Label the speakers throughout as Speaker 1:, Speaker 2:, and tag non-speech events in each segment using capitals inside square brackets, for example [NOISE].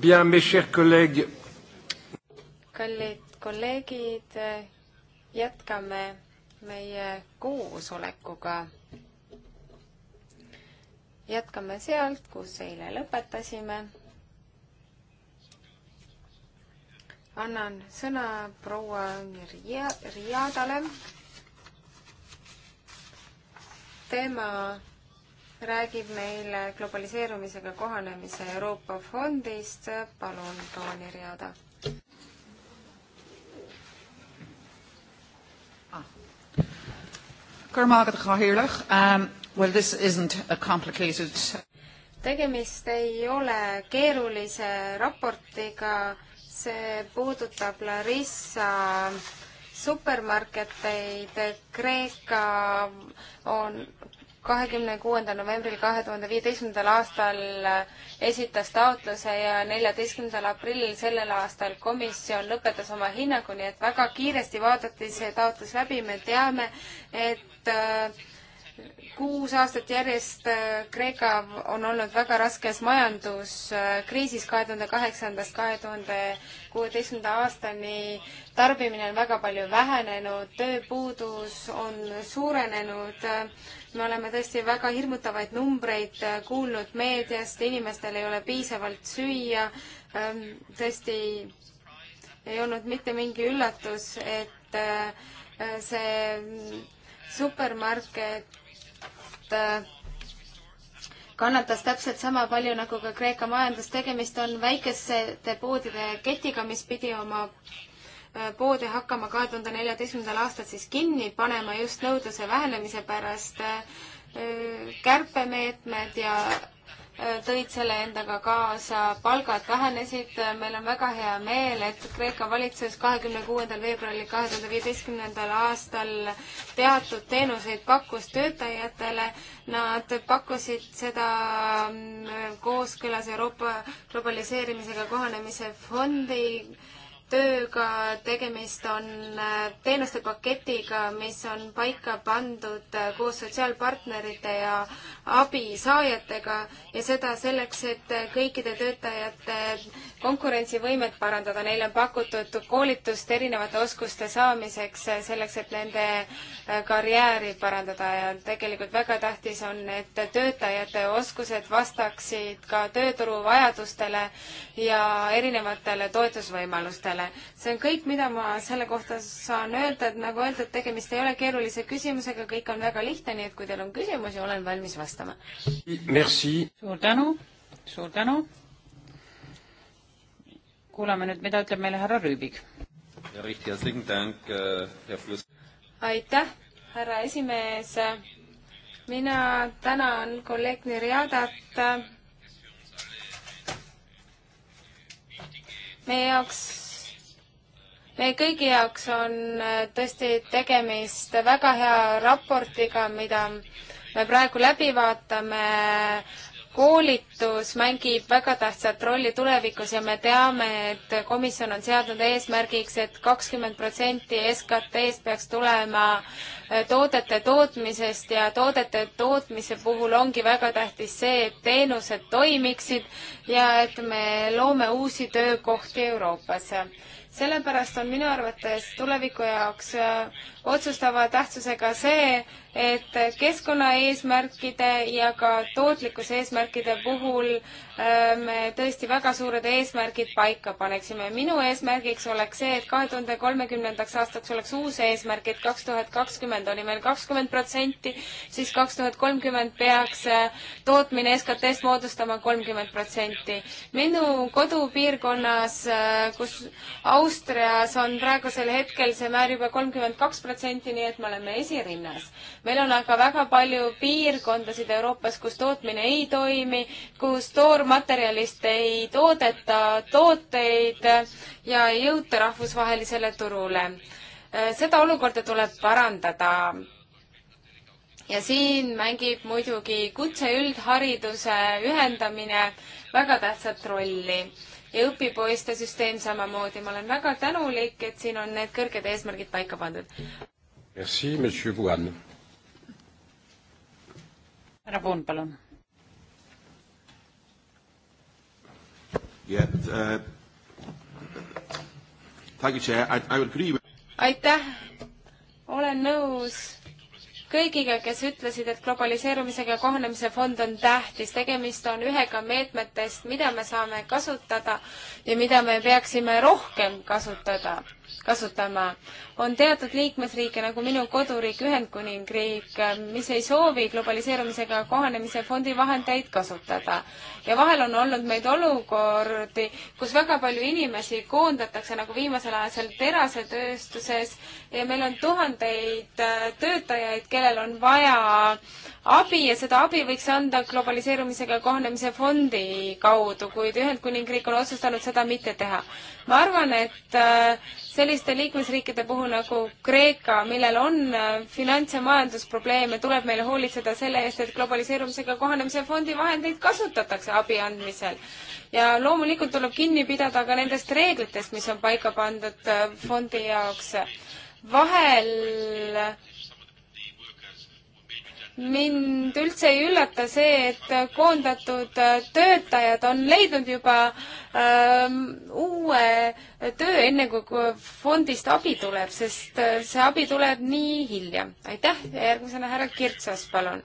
Speaker 1: Bien, mes chers collègues. kallid kolleegid, jätkame meie koosolekuga. jätkame sealt, kus eile lõpetasime. annan sõna proua Riia, Riiadale. tema räägib meile globaliseerumisega kohanemise Euroopa fondist. palun, Tooni Riada.
Speaker 2: Well, this isn't a complicated
Speaker 1: tegemist ei ole keerulise raportiga, see puudutab Larissa supermarketeid, Kreeka on, kahekümne kuuendal novembril kahe tuhande viieteistkümnendal aastal äh, esitas taotluse ja neljateistkümnendal aprillil sellel aastal komisjon lõpetas oma hinnangu, nii et väga kiiresti vaadati see taotlus läbi, me teame, et äh, kuus aastat järjest äh, Kreeka on olnud väga raskes majanduskriisis kahe tuhande kaheksandast kahe tuhande kuueteistkümnenda aastani. tarbimine on väga palju vähenenud, tööpuudus on suurenenud. me oleme tõesti väga hirmutavaid numbreid äh, kuulnud meediast, inimestel ei ole piisavalt süüa. Ähm, tõesti ei olnud mitte mingi üllatus, et äh, see supermarket Äh, kannatas täpselt sama palju nagu ka Kreeka majandus. tegemist on väikeste poodide ketiga, mis pidi oma äh, poode hakkama kahe tuhande neljateistkümnendal aastal siis kinni panema just nõudluse vähenemise pärast. Äh, kärpemeetmed ja tõid selle endaga kaasa, palgad vähenesid, meil on väga hea meel, et Kreeka valitsus kahekümne kuuendal veebruaril kahe tuhande viieteistkümnendal aastal teatud teenuseid pakkus töötajatele. Nad pakkusid seda mm, kooskõlas Euroopa globaliseerimisega kohanemise fondi tööga, tegemist on äh, teenuste paketiga, mis on paika pandud äh, koos sotsiaalpartnerite ja abisaajatega ja seda selleks, et äh, kõikide töötajate konkurentsivõimet parandada. Neile on pakutud koolitust erinevate oskuste saamiseks, selleks et nende karjääri parandada ja tegelikult väga tähtis on, et töötajate oskused vastaksid ka tööturu vajadustele ja erinevatele toetusvõimalustele riikidele. see on kõik, mida ma selle kohta saan öelda, et nagu öeldud, tegemist ei ole keerulise küsimusega, kõik on väga lihtne, nii et kui teil on küsimusi, olen valmis vastama.
Speaker 3: suur tänu, suur tänu. kuulame nüüd, mida ütleb meile härra Rüübik. Äh, aitäh,
Speaker 1: härra esimees. mina tänan kolleeg Nirjadat meie jaoks meie kõigi jaoks on äh, tõesti tegemist väga hea raportiga, mida me praegu läbi vaatame. koolitus mängib väga tähtsat rolli tulevikus ja me teame, et komisjon on seadnud eesmärgiks et, et kakskümmend protsenti SKT-st peaks tulema äh, toodete tootmisest ja toodete tootmise puhul ongi väga tähtis see, et teenused toimiksid ja et me loome uusi töökohti Euroopas sellepärast on minu arvates tuleviku jaoks äh, otsustava tähtsusega see, et keskkonnaeesmärkide ja ka tootlikkuse eesmärkide puhul äh, me tõesti väga suured eesmärgid paika paneksime. minu eesmärgiks oleks see, et kahe tuhande kolmekümnendaks aastaks oleks uus eesmärk, et kaks tuhat kakskümmend oli meil kakskümmend protsenti, siis kaks tuhat kolmkümmend peaks äh, tootmine SKT-st moodustama kolmkümmend protsenti. minu kodupiirkonnas, äh, kus Austrias on praegusel hetkel see määr juba kolmkümmend kaks protsenti, protsenti, nii et me oleme esirinnas. meil on aga väga palju piirkondasid Euroopas, kus tootmine ei toimi, kus toormaterjalist ei toodeta tooteid ja ei jõuta rahvusvahelisele turule. seda olukorda tuleb parandada ja siin mängib muidugi kutseüldhariduse ühendamine väga tähtsat rolli ja õpipoiste süsteem samamoodi. ma olen väga tänulik, et siin on need kõrged eesmärgid paika pandud.
Speaker 3: Merci, monsieur Vuan. härra Vuan, palun.
Speaker 2: Uh,
Speaker 1: aitäh, olen nõus kõigiga, kes ütlesid, et globaliseerumisega kohanemise fond on tähtis, tegemist on ühega meetmetest, mida me saame kasutada ja mida me peaksime rohkem kasutada, kasutama on teatud liikmesriike, nagu minu koduriik Ühendkuningriik, mis ei soovi globaliseerumisega kohanemise fondi vahendeid kasutada. ja vahel on olnud meid olukordi, kus väga palju inimesi koondatakse nagu viimasel ajal terasetööstuses ja meil on tuhandeid äh, töötajaid, kellel on vaja abi ja seda abi võiks anda globaliseerumisega kohanemise fondi kaudu, kuid Ühendkuningriik on otsustanud seda mitte teha. ma arvan, et äh, selliste liikmesriikide puhul nagu Kreeka, millel on äh, finants- ja majandusprobleeme, tuleb meil hoolitseda selle eest, et globaliseerumisega kohanemise fondi vahendeid kasutatakse abi andmisel. ja loomulikult tuleb kinni pidada ka nendest reeglitest, mis on paika pandud äh, fondi jaoks. vahel mind üldse ei üllata see, et koondatud töötajad on leidnud juba ähm, uue töö, enne kui fondist abi tuleb, sest äh, see abi tuleb nii hilja. aitäh ja järgmisena härra Kirtsas, palun.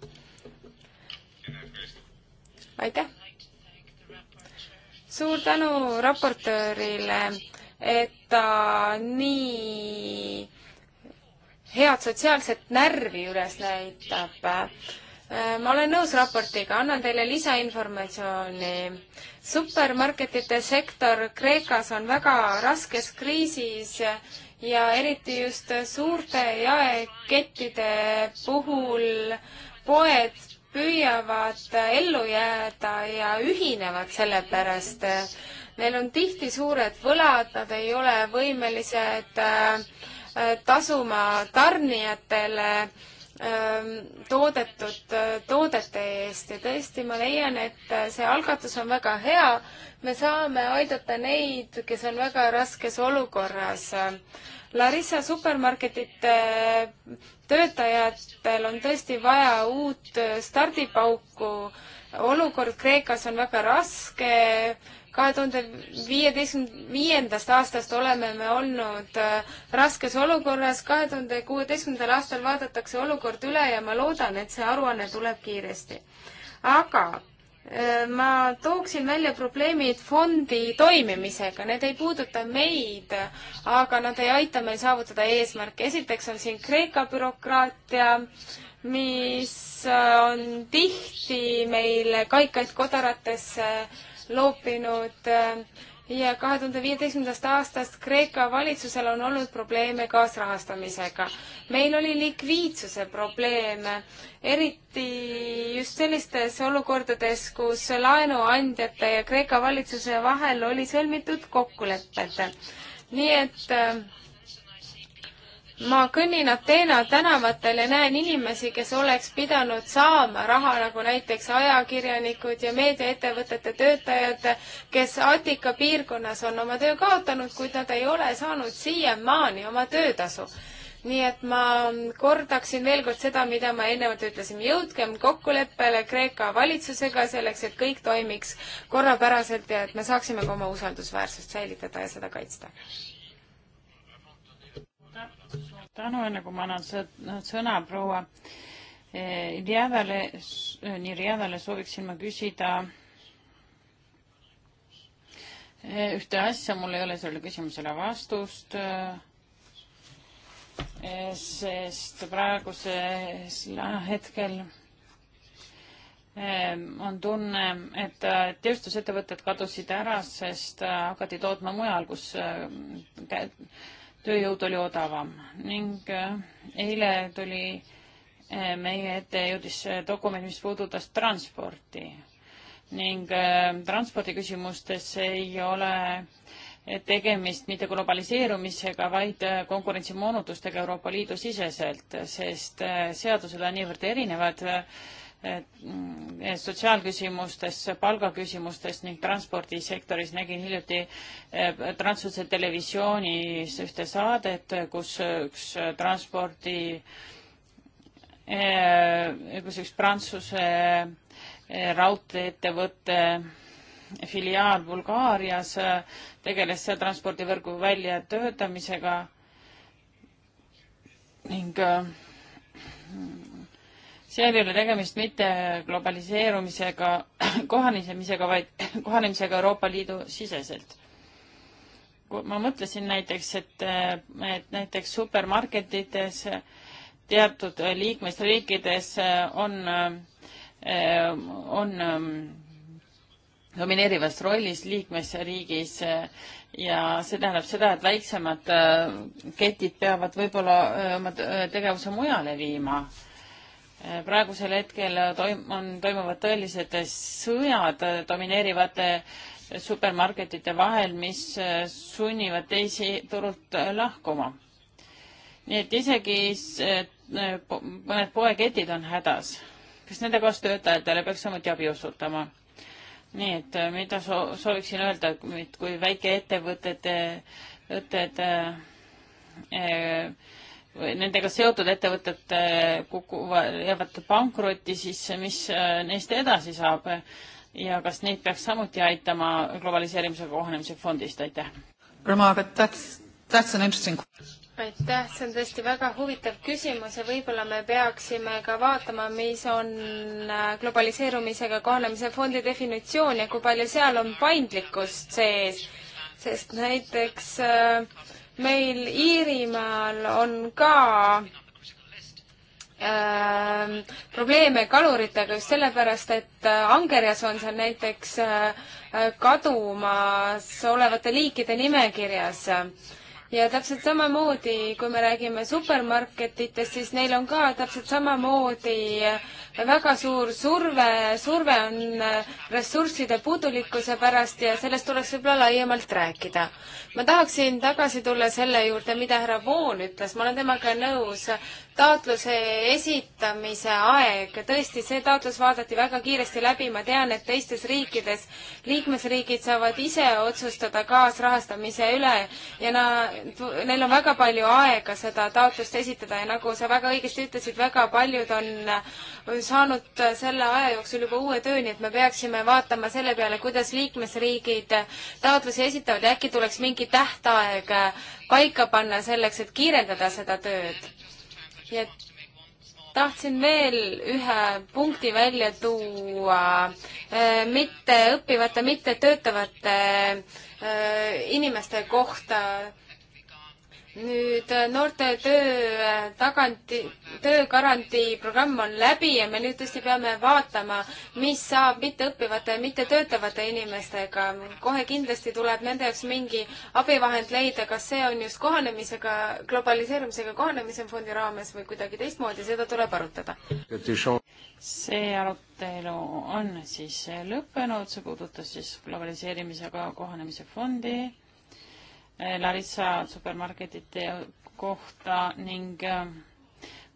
Speaker 1: aitäh. suur tänu raportöörile, et ta nii head sotsiaalset närvi üles näitab. Äh, ma olen nõus raportiga, annan teile lisainformatsiooni. supermarketite sektor Kreekas on väga raskes kriisis ja eriti just suurte jaekettide puhul poed püüavad ellu jääda ja ühinevad selle pärast. Neil on tihti suured võlad, nad ei ole võimelised äh, Äh, tasuma tarnijatele ähm, toodetud äh, toodete eest ja tõesti ma leian, et äh, see algatus on väga hea. me saame aidata neid, kes on väga raskes olukorras. Larissa supermarketite töötajatel on tõesti vaja uut stardipauku. olukord Kreekas on väga raske kahe tuhande viieteistkümne, viiendast aastast oleme me olnud äh, raskes olukorras, kahe tuhande kuueteistkümnendal aastal vaadatakse olukord üle ja ma loodan, et see aruanne tuleb kiiresti. aga äh, ma tooksin välja probleemid fondi toimimisega, need ei puuduta meid, aga nad ei aita meil saavutada eesmärke. esiteks on siin Kreeka bürokraatia, mis äh, on tihti meile kaikaid kodaratesse äh, loopinud äh, ja kahe tuhande viieteistkümnendast aastast Kreeka valitsusel on olnud probleeme kaasrahastamisega. meil oli likviidsuse probleeme, eriti just sellistes olukordades, kus laenuandjate ja Kreeka valitsuse vahel oli sõlmitud kokkulepped. nii et äh, ma kõnnin Ateena tänavatel ja näen inimesi, kes oleks pidanud saama raha, nagu näiteks ajakirjanikud ja meediaettevõtete töötajad, kes Attika piirkonnas on oma töö kaotanud, kuid nad ei ole saanud siiamaani oma töötasu nii et ma kordaksin veel kord seda, mida ma eelnevalt ütlesin, jõudkem kokkuleppele Kreeka valitsusega selleks, et kõik toimiks korrapäraselt ja et me saaksime ka oma usaldusväärsust säilitada ja seda kaitsta
Speaker 3: tänu, enne kui ma annan noh, sõna proua eh, Iljevale, Nirjevale sooviksin ma küsida eh, ühte asja, mul ei ole sellele küsimusele vastust eh, sest praegusel hetkel on tunne, et tööstusettevõtted kadusid ära, sest hakati tootma mujal, kus tööjõud oli odavam ning äh, eile tuli äh, meie ette jõudis äh, dokument, mis puudutas transporti ning transpordiküsimustes ei ole tegemist mitte globaliseerumisega, vaid konkurentsimoonutustega Euroopa Liidu siseselt, sest seadused on niivõrd erinevad Mm, sotsiaalküsimustes, palgaküsimustes ning transpordisektoris nägin hiljuti Prantsuse televisioonis ühte saadet, kus üks transpordi, eh, kus üks Prantsuse eh, raudteeettevõte filiaal Bulgaarias eh, tegeles transpordivõrgu väljatöötamisega ning seal ei ole tegemist mitte globaliseerumisega, [CLEARS THROAT] kohanemisega, vaid [CLEARS THROAT] kohanemisega Euroopa Liidu siseselt. ma mõtlesin näiteks, et, eh, et näiteks supermarketites teatud eh, liikmesriikides eh, on, on domineerivas rollis liikmesriigis ja see tähendab seda, et väiksemad ketid peavad võib-olla oma tegevuse mujale viima Äh, praegusel hetkel toim-, on, toimuvad tõelised sõjad domineerivate supermarketite vahel, mis äh, sunnivad teisi turult äh, lahkuma. nii et isegi mõned poeketid on hädas. kas nende kaastöötajatele peaks samuti abi osutama? nii et mida soo-, sooviksin öelda, et kui väikeettevõtted, õtted äh, nendega seotud ettevõtted kukuvad, jäävad pankrotti, siis mis äh, neist edasi saab ja kas neid peaks samuti aitama globaliseerimise kohanemise fondist, aitäh!
Speaker 1: aitäh, see on tõesti väga huvitav küsimus ja võib-olla me peaksime ka vaatama, mis on äh, globaliseerumisega kohanemise fondi definitsioon ja kui palju seal on paindlikkust sees, sest näiteks äh, meil Iirimaal on ka äh, probleeme kaluritega just sellepärast, et äh, angerjas on seal näiteks äh, äh, kadumas olevate liikide nimekirjas ja täpselt samamoodi, kui me räägime supermarketitest, siis neil on ka täpselt samamoodi äh, väga suur surve, surve on äh, ressursside puudulikkuse pärast ja sellest tuleks võib-olla laiemalt rääkida. ma tahaksin tagasi tulla selle juurde, mida härra Voon ütles, ma olen temaga nõus, taotluse esitamise aeg, tõesti, see taotlus vaadati väga kiiresti läbi, ma tean, et teistes riikides liikmesriigid saavad ise otsustada kaasrahastamise üle ja na-, neil on väga palju aega seda taotlust esitada ja nagu sa väga õigesti ütlesid, väga paljud on saanud äh, selle aja jooksul juba uue töö, nii et me peaksime vaatama selle peale, kuidas liikmesriigid äh, taotlusi esitavad ja äkki tuleks mingi tähtaeg äh, paika panna selleks, et kiirendada seda tööd. ja tahtsin veel ühe punkti välja tuua, mitte õppivate, mitte töötavate inimeste kohta nüüd äh, noorte töö äh, taganti, töögarantii programm on läbi ja me nüüd tõesti peame vaatama, mis saab mitteõppivate ja mittetöötavate inimestega. kohe kindlasti tuleb nende jaoks mingi abivahend leida, kas see on just kohanemisega, globaliseerumisega kohanemise fondi raames või kuidagi teistmoodi, seda tuleb arutada.
Speaker 3: see arutelu on siis lõppenud, see puudutas siis globaliseerimisega kohanemise fondi Eh, Larissa supermarketite kohta ning eh,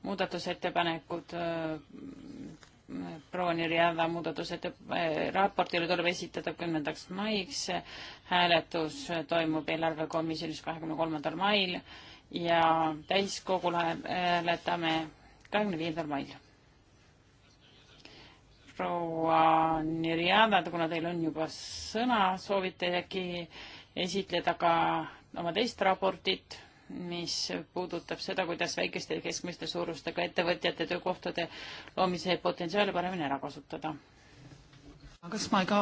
Speaker 3: muudatusettepanekud eh, proua Nirjava muudatusete raportile tuleb esitada kümnendaks maiks. hääletus toimub eelarvekomisjonis kahekümne kolmandal mail ja täiskogul hääletame kahekümne viiendal mail. proua Nirjava, kuna teil on juba sõna, soovite äkki esitleda ka oma teist raportit, mis puudutab seda, kuidas väikeste ja keskmiste suurustega ettevõtjate töökohtade loomise potentsiaali paremini ära kasutada.
Speaker 2: kas ma ei ka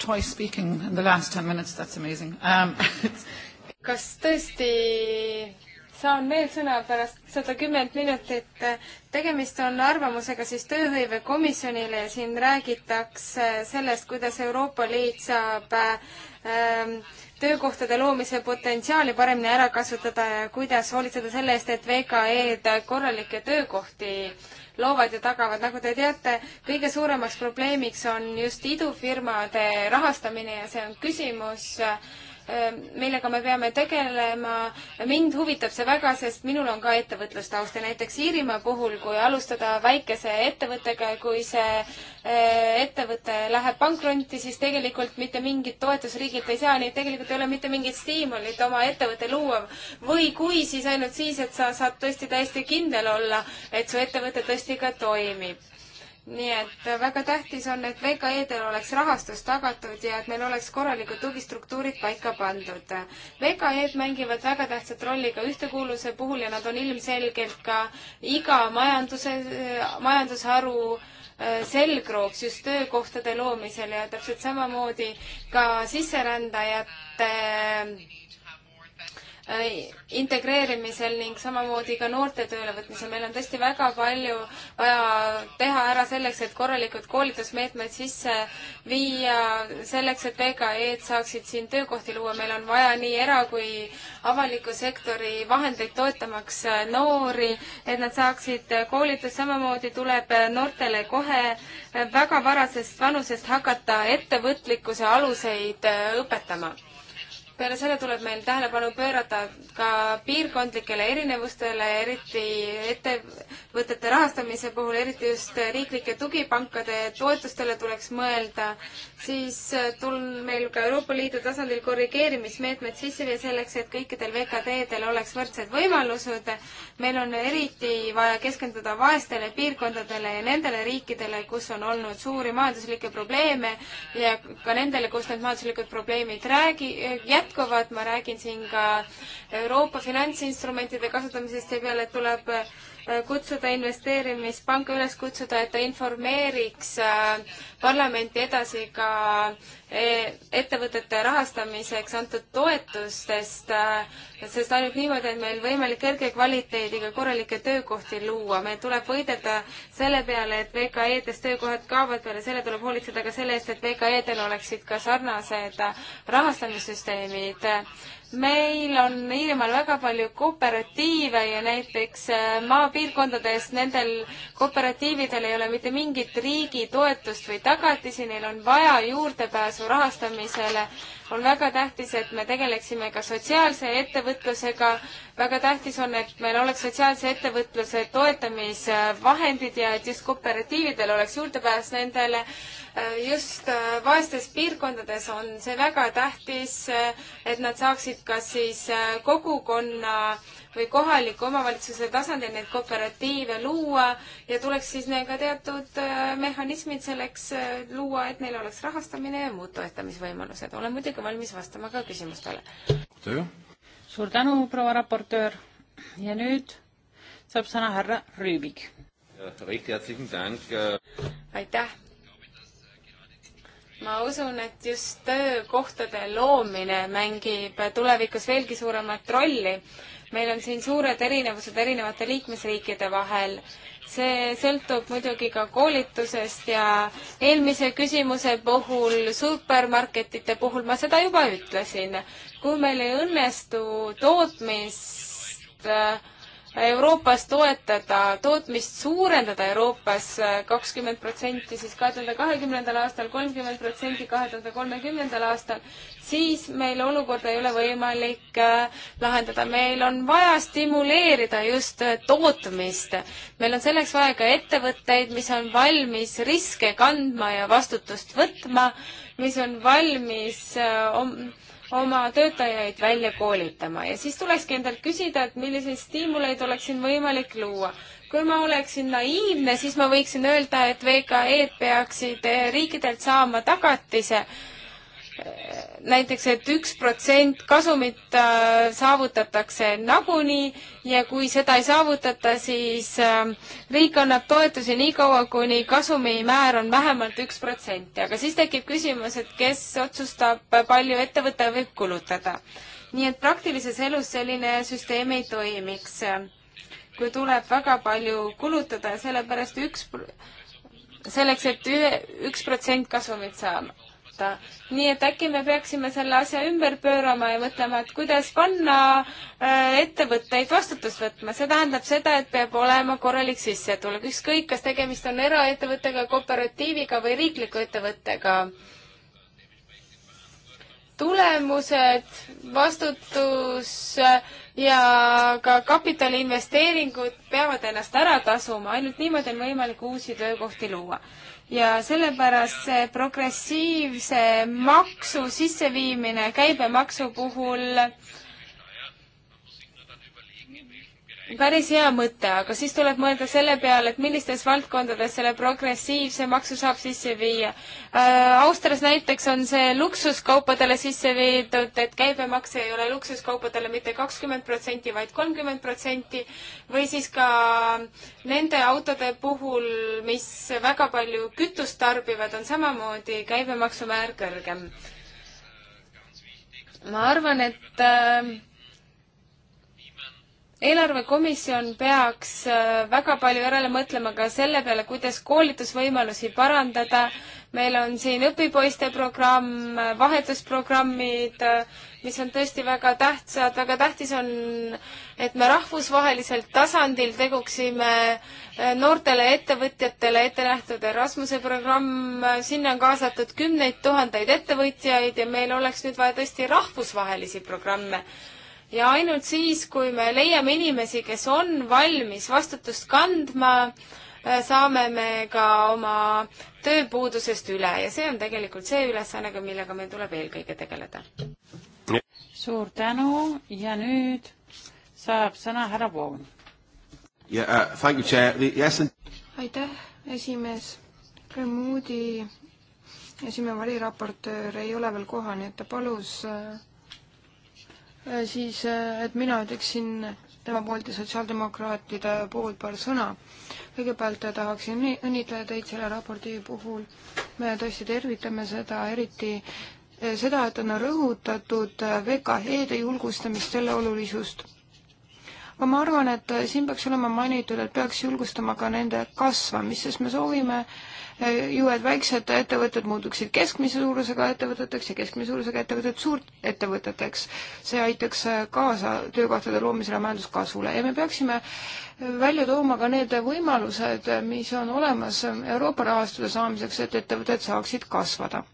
Speaker 2: twice speaking in the last ten minutes, that's amazing um,.
Speaker 1: [LAUGHS] kas tõesti saan veel sõna pärast sada kümmet minutit. tegemist on arvamusega siis tööhõivekomisjonile ja siin räägitakse sellest, kuidas Euroopa Liit saab ähm, töökohtade loomise potentsiaali paremini ära kasutada ja kuidas hoolitseda selle eest, et VKE-d korralikke töökohti loovad ja tagavad. nagu te teate, kõige suuremaks probleemiks on just idufirmade rahastamine ja see on küsimus, Ehm, millega me peame tegelema. mind huvitab see väga, sest minul on ka ettevõtlustaust ja näiteks Iirimaa puhul, kui alustada väikese ettevõttega, kui see eh, ettevõte läheb pankrotti, siis tegelikult mitte mingit toetust riigilt ei saa, nii et tegelikult ei ole mitte mingit stiimulit oma ettevõte luua. või kui, siis ainult siis, et sa saad tõesti täiesti kindel olla, et su ettevõte tõesti ka toimib nii et väga tähtis on, et VKE-del oleks rahastus tagatud ja et meil oleks korralikud tugistruktuurid paika pandud. VKE-d mängivad väga tähtsat rolli ka ühtekuuluvuse puhul ja nad on ilmselgelt ka iga majanduse, majandusharu äh, selgrooks just töökohtade loomisel ja täpselt samamoodi ka sisserändajate integreerimisel ning samamoodi ka noorte töölevõtmisel. meil on tõesti väga palju vaja teha ära selleks, et korralikud koolitusmeetmed sisse viia, selleks, et VKE-d saaksid siin töökohti luua. meil on vaja nii era- kui avaliku sektori vahendeid toetamaks noori, et nad saaksid koolitust. samamoodi tuleb noortele kohe väga varasest vanusest hakata ettevõtlikkuse aluseid õpetama peale selle tuleb meil tähelepanu pöörata ka piirkondlikele erinevustele, eriti ettevõtete rahastamise puhul, eriti just riiklike tugipankade toetustele tuleks mõelda. siis tul-, meil ka Euroopa Liidu tasandil korrigeerimismeetmed sisse viia selleks, et kõikidel VKD-del oleks võrdsed võimalused. meil on eriti vaja keskenduda vaestele piirkondadele ja nendele riikidele, kus on olnud suuri majanduslikke probleeme ja ka nendele, kus need majanduslikud probleemid räägi-, jätkuvad jätkuvad, ma räägin siin ka Euroopa finantsinstrumentide kasutamisest ja peale tuleb Äh, kutsuda investeerimispanka üles kutsuda, et ta informeeriks äh, parlamenti edasi ka äh, ettevõtete rahastamiseks antud toetustest, sest ainult niimoodi on meil võimalik kõrge kvaliteediga korralikke töökohti luua. meil tuleb võidelda selle peale, et VKE-des töökohad kaovad, peale selle tuleb hoolitseda ka selle eest, et VKE-del oleksid ka sarnased rahastamissüsteemid meil on Iirimaal väga palju kooperatiive ja näiteks äh, maapiirkondades nendel kooperatiividel ei ole mitte mingit riigi toetust või tagatisi, neil on vaja juurdepääsu rahastamisele. on väga tähtis, et me tegeleksime ka sotsiaalse ettevõtlusega, väga tähtis on, et meil oleks sotsiaalse ettevõtluse toetamisvahendid ja et just kooperatiividel oleks juurdepääs nendele. just äh, vaestes piirkondades on see väga tähtis, äh, et nad saaksid kas siis äh, kogukonna või kohaliku omavalitsuse tasandil neid kooperatiive luua ja tuleks siis ka teatud mehhanismid selleks luua, et neil oleks rahastamine ja muud
Speaker 3: toetamisvõimalused. olen muidugi valmis vastama ka küsimustele. aitäh! suur tänu, proua raportöör ja nüüd saab sõna härra Rüübik. aitäh. ma usun, et
Speaker 1: just töökohtade loomine mängib tulevikus veelgi suuremat rolli. meil on siin suured erinevused erinevate liikmesriikide vahel see sõltub muidugi ka koolitusest ja eelmise küsimuse puhul, supermarketite puhul ma seda juba ütlesin. kui meil ei õnnestu tootmist äh, Euroopas toetada, tootmist suurendada Euroopas äh, kakskümmend protsenti, siis kahe tuhande kahekümnendal aastal kolmkümmend protsenti, kahe tuhande kolmekümnendal aastal, siis meil olukorda ei ole võimalik äh, lahendada. meil on vaja stimuleerida just äh, tootmist. meil on selleks vaja ka ettevõtteid, mis on valmis riske kandma ja vastutust võtma, mis on valmis äh, oma töötajaid välja koolitama ja siis tulekski endalt küsida, et milliseid stiimuleid oleks siin võimalik luua. kui ma oleksin naiivne, siis ma võiksin öelda, et VKE-d peaksid riikidelt saama tagatise näiteks et, et üks protsent kasumit äh, saavutatakse nagunii ja kui seda ei saavutata, siis äh, riik annab toetusi nii kaua, kuni kasumimäär on vähemalt üks protsent, aga siis tekib küsimus, et kes otsustab, palju ettevõte võib kulutada. nii et praktilises elus selline süsteem ei toimiks, kui tuleb väga palju kulutada, sellepärast üks selleks et, et ühe, üks protsent kasumit saama kohta. nii et äkki me peaksime selle asja ümber pöörama ja mõtlema, et kuidas panna äh, ettevõtteid vastutust võtma. see tähendab seda, et peab olema korralik sissetulek, ükskõik, kas tegemist on eraettevõttega, kooperatiiviga või riikliku ettevõttega tulemused, vastutus äh, ja ka kapitaliinvesteeringud peavad ennast ära tasuma, ainult niimoodi on võimalik uusi töökohti luua ja sellepärast see progressiivse maksu sisseviimine käibemaksu puhul äh, päris hea mõte, aga siis tuleb mõelda selle peale, et millistes valdkondades selle progressiivse maksu saab sisse viia äh,. Austrias näiteks on see luksuskaupadele sisse viidud, et käibemaks ei ole luksuskaupadele mitte kakskümmend protsenti, vaid kolmkümmend protsenti või siis ka nende autode puhul, mis väga palju kütust tarbivad, on samamoodi käibemaksumäär kõrgem. ma arvan, et äh, eelarvekomisjon peaks äh, väga palju järele mõtlema ka selle peale, kuidas koolitusvõimalusi parandada. meil on siin õpipoiste programm, vahetusprogrammid, äh, mis on tõesti väga tähtsad, väga tähtis on, et me rahvusvahelisel tasandil teguksime äh, noortele ettevõtjatele ette nähtud Erasmuse programm, sinna on kaasatud kümneid tuhandeid ettevõtjaid ja meil oleks nüüd vaja tõesti rahvusvahelisi programme ja ainult siis, kui me leiame inimesi, kes on valmis vastutust kandma, äh, saame me ka oma tööpuudusest üle ja see on tegelikult see ülesannega, millega meil
Speaker 3: tuleb eelkõige tegeleda. suur tänu ja nüüd saab sõna härra Voon.
Speaker 1: Uh,
Speaker 3: aitäh,
Speaker 2: esimees. Remoodi esimene variraportöör ei ole veel kohal, nii et ta palus äh, Äh, siis äh, et mina ütleksin tema poolt ja sotsiaaldemokraatide poolt paar sõna. kõigepealt äh, tahaksin õnnitleda teid selle raporti puhul. me tõesti tervitame seda, eriti seda, et on rõhutatud VKE-de julgustamist, selle olulisust aga ma arvan, et siin peaks olema mainitud, et peaks julgustama ka nende kasvamist, sest me soovime eh, ju, et väiksed ettevõtted muutuksid keskmise suurusega ettevõteteks ja keskmise suurusega ettevõtted suurettevõteteks. see aitaks eh, kaasa töökohtade loomisele ja majanduskasvule ja me peaksime eh, välja tooma ka need võimalused, mis on olemas Euroopa rahastuse saamiseks, et ettevõtted saaksid kasvada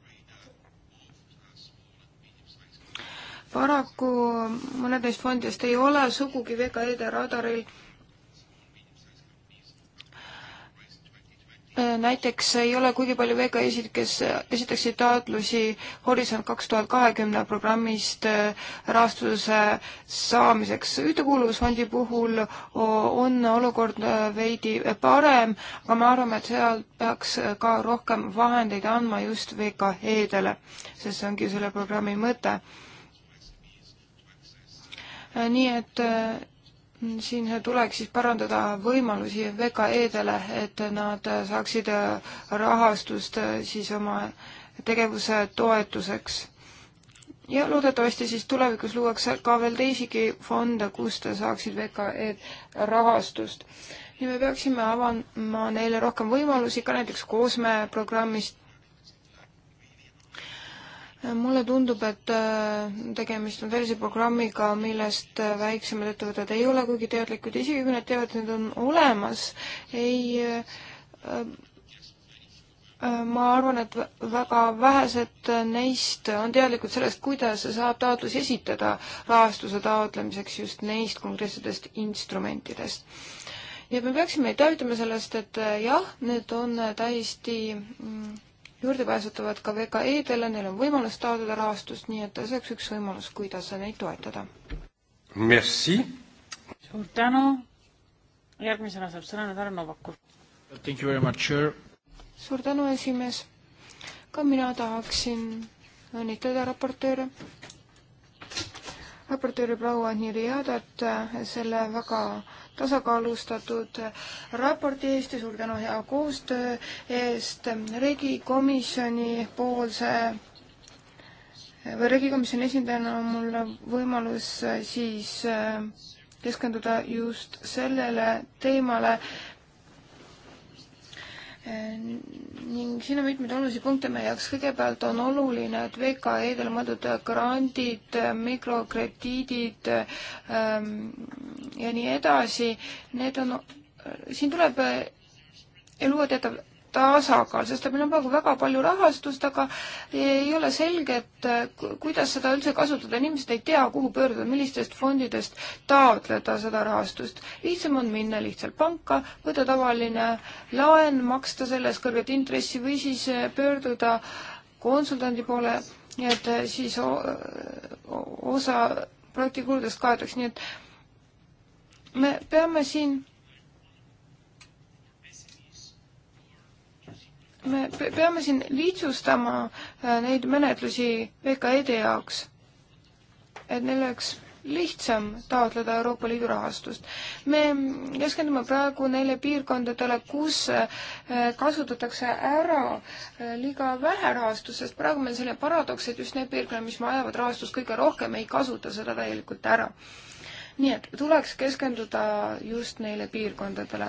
Speaker 2: paraku mõned neist fondidest ei ole sugugi VKE-de radaril. näiteks ei ole kuigi palju VKE-sid, kes esitaksid taotlusi Horisont kaks tuhat kahekümne programmist äh, rahastuse saamiseks. ühtekuuluvusfondi puhul on olukord äh, veidi parem, aga me arvame, et seal peaks äh, ka rohkem vahendeid andma just VKE-dele, sest see ongi selle programmi mõte Äh, nii et äh, siin tuleks siis parandada võimalusi VKE-dele, et nad äh, saaksid rahastust siis oma tegevuse toetuseks. ja loodetavasti siis tulevikus luuakse ka veel teisigi fonde, kust saaksid VKE-d rahastust. ja me peaksime avama neile rohkem võimalusi ka näiteks Koosme programmist mulle tundub, et äh, tegemist on sellise programmiga, millest äh, väiksemad ettevõtted ei ole kuigi teadlikud, isegi kui nad teavad, et need on olemas, ei äh, ma arvan, et väga vähesed neist on teadlikud sellest, kuidas saab taotlusi esitada rahastuse taotlemiseks just neist konkreetsetest instrumentidest ja me peaksime teavitama sellest, et jah, need on täiesti mm, juurdepääsetavad ka VKE-dele, neil on võimalus taotleda rahastust, nii et see oleks üks võimalus, kuidas neid toetada.
Speaker 1: Merci!
Speaker 3: suur tänu! järgmisena saab sõna nüüd härra Novakov. Thank you very much, sir! suur
Speaker 2: tänu, esimees! ka mina tahaksin õnnitleda raportööre raportööri proua Niriadat selle väga tasakaalustatud raporti eest ja suur tänu hea koostöö eest riigikomisjoni poolse või riigikomisjoni esindajana on mul võimalus siis äh, keskenduda just sellele teemale, Äh, ning siin on mitmeid olulisi punkte meie jaoks. kõigepealt on oluline, et VKE-dele mõeldud grandid, mikrokrediidid ähm, ja nii edasi, need on, siin tuleb äh, luua teatav tasakaal, sest et meil on praegu väga palju rahastust, aga ei ole selge, et kuidas seda üldse kasutada, inimesed ei tea, kuhu pöörduda, millistest fondidest taotleda seda rahastust. lihtsam on minna lihtsalt panka, võtta tavaline laen, maksta selle eest kõrget intressi või siis eh, pöörduda konsultandi poole, nii et eh, siis osa projekti kuludest kaetakse, nii et me peame siin me peame siin lihtsustama äh, neid menetlusi VKE-de jaoks, et neil oleks lihtsam taotleda Euroopa Liidu rahastust. me keskendume praegu neile piirkondadele, kus äh, kasutatakse ära äh, liiga vähe rahastust, sest praegu meil selline paradoks, et just need piirkonnad, mis vajavad rahastust kõige rohkem, ei kasuta seda täielikult ära nii et tuleks keskenduda just neile piirkondadele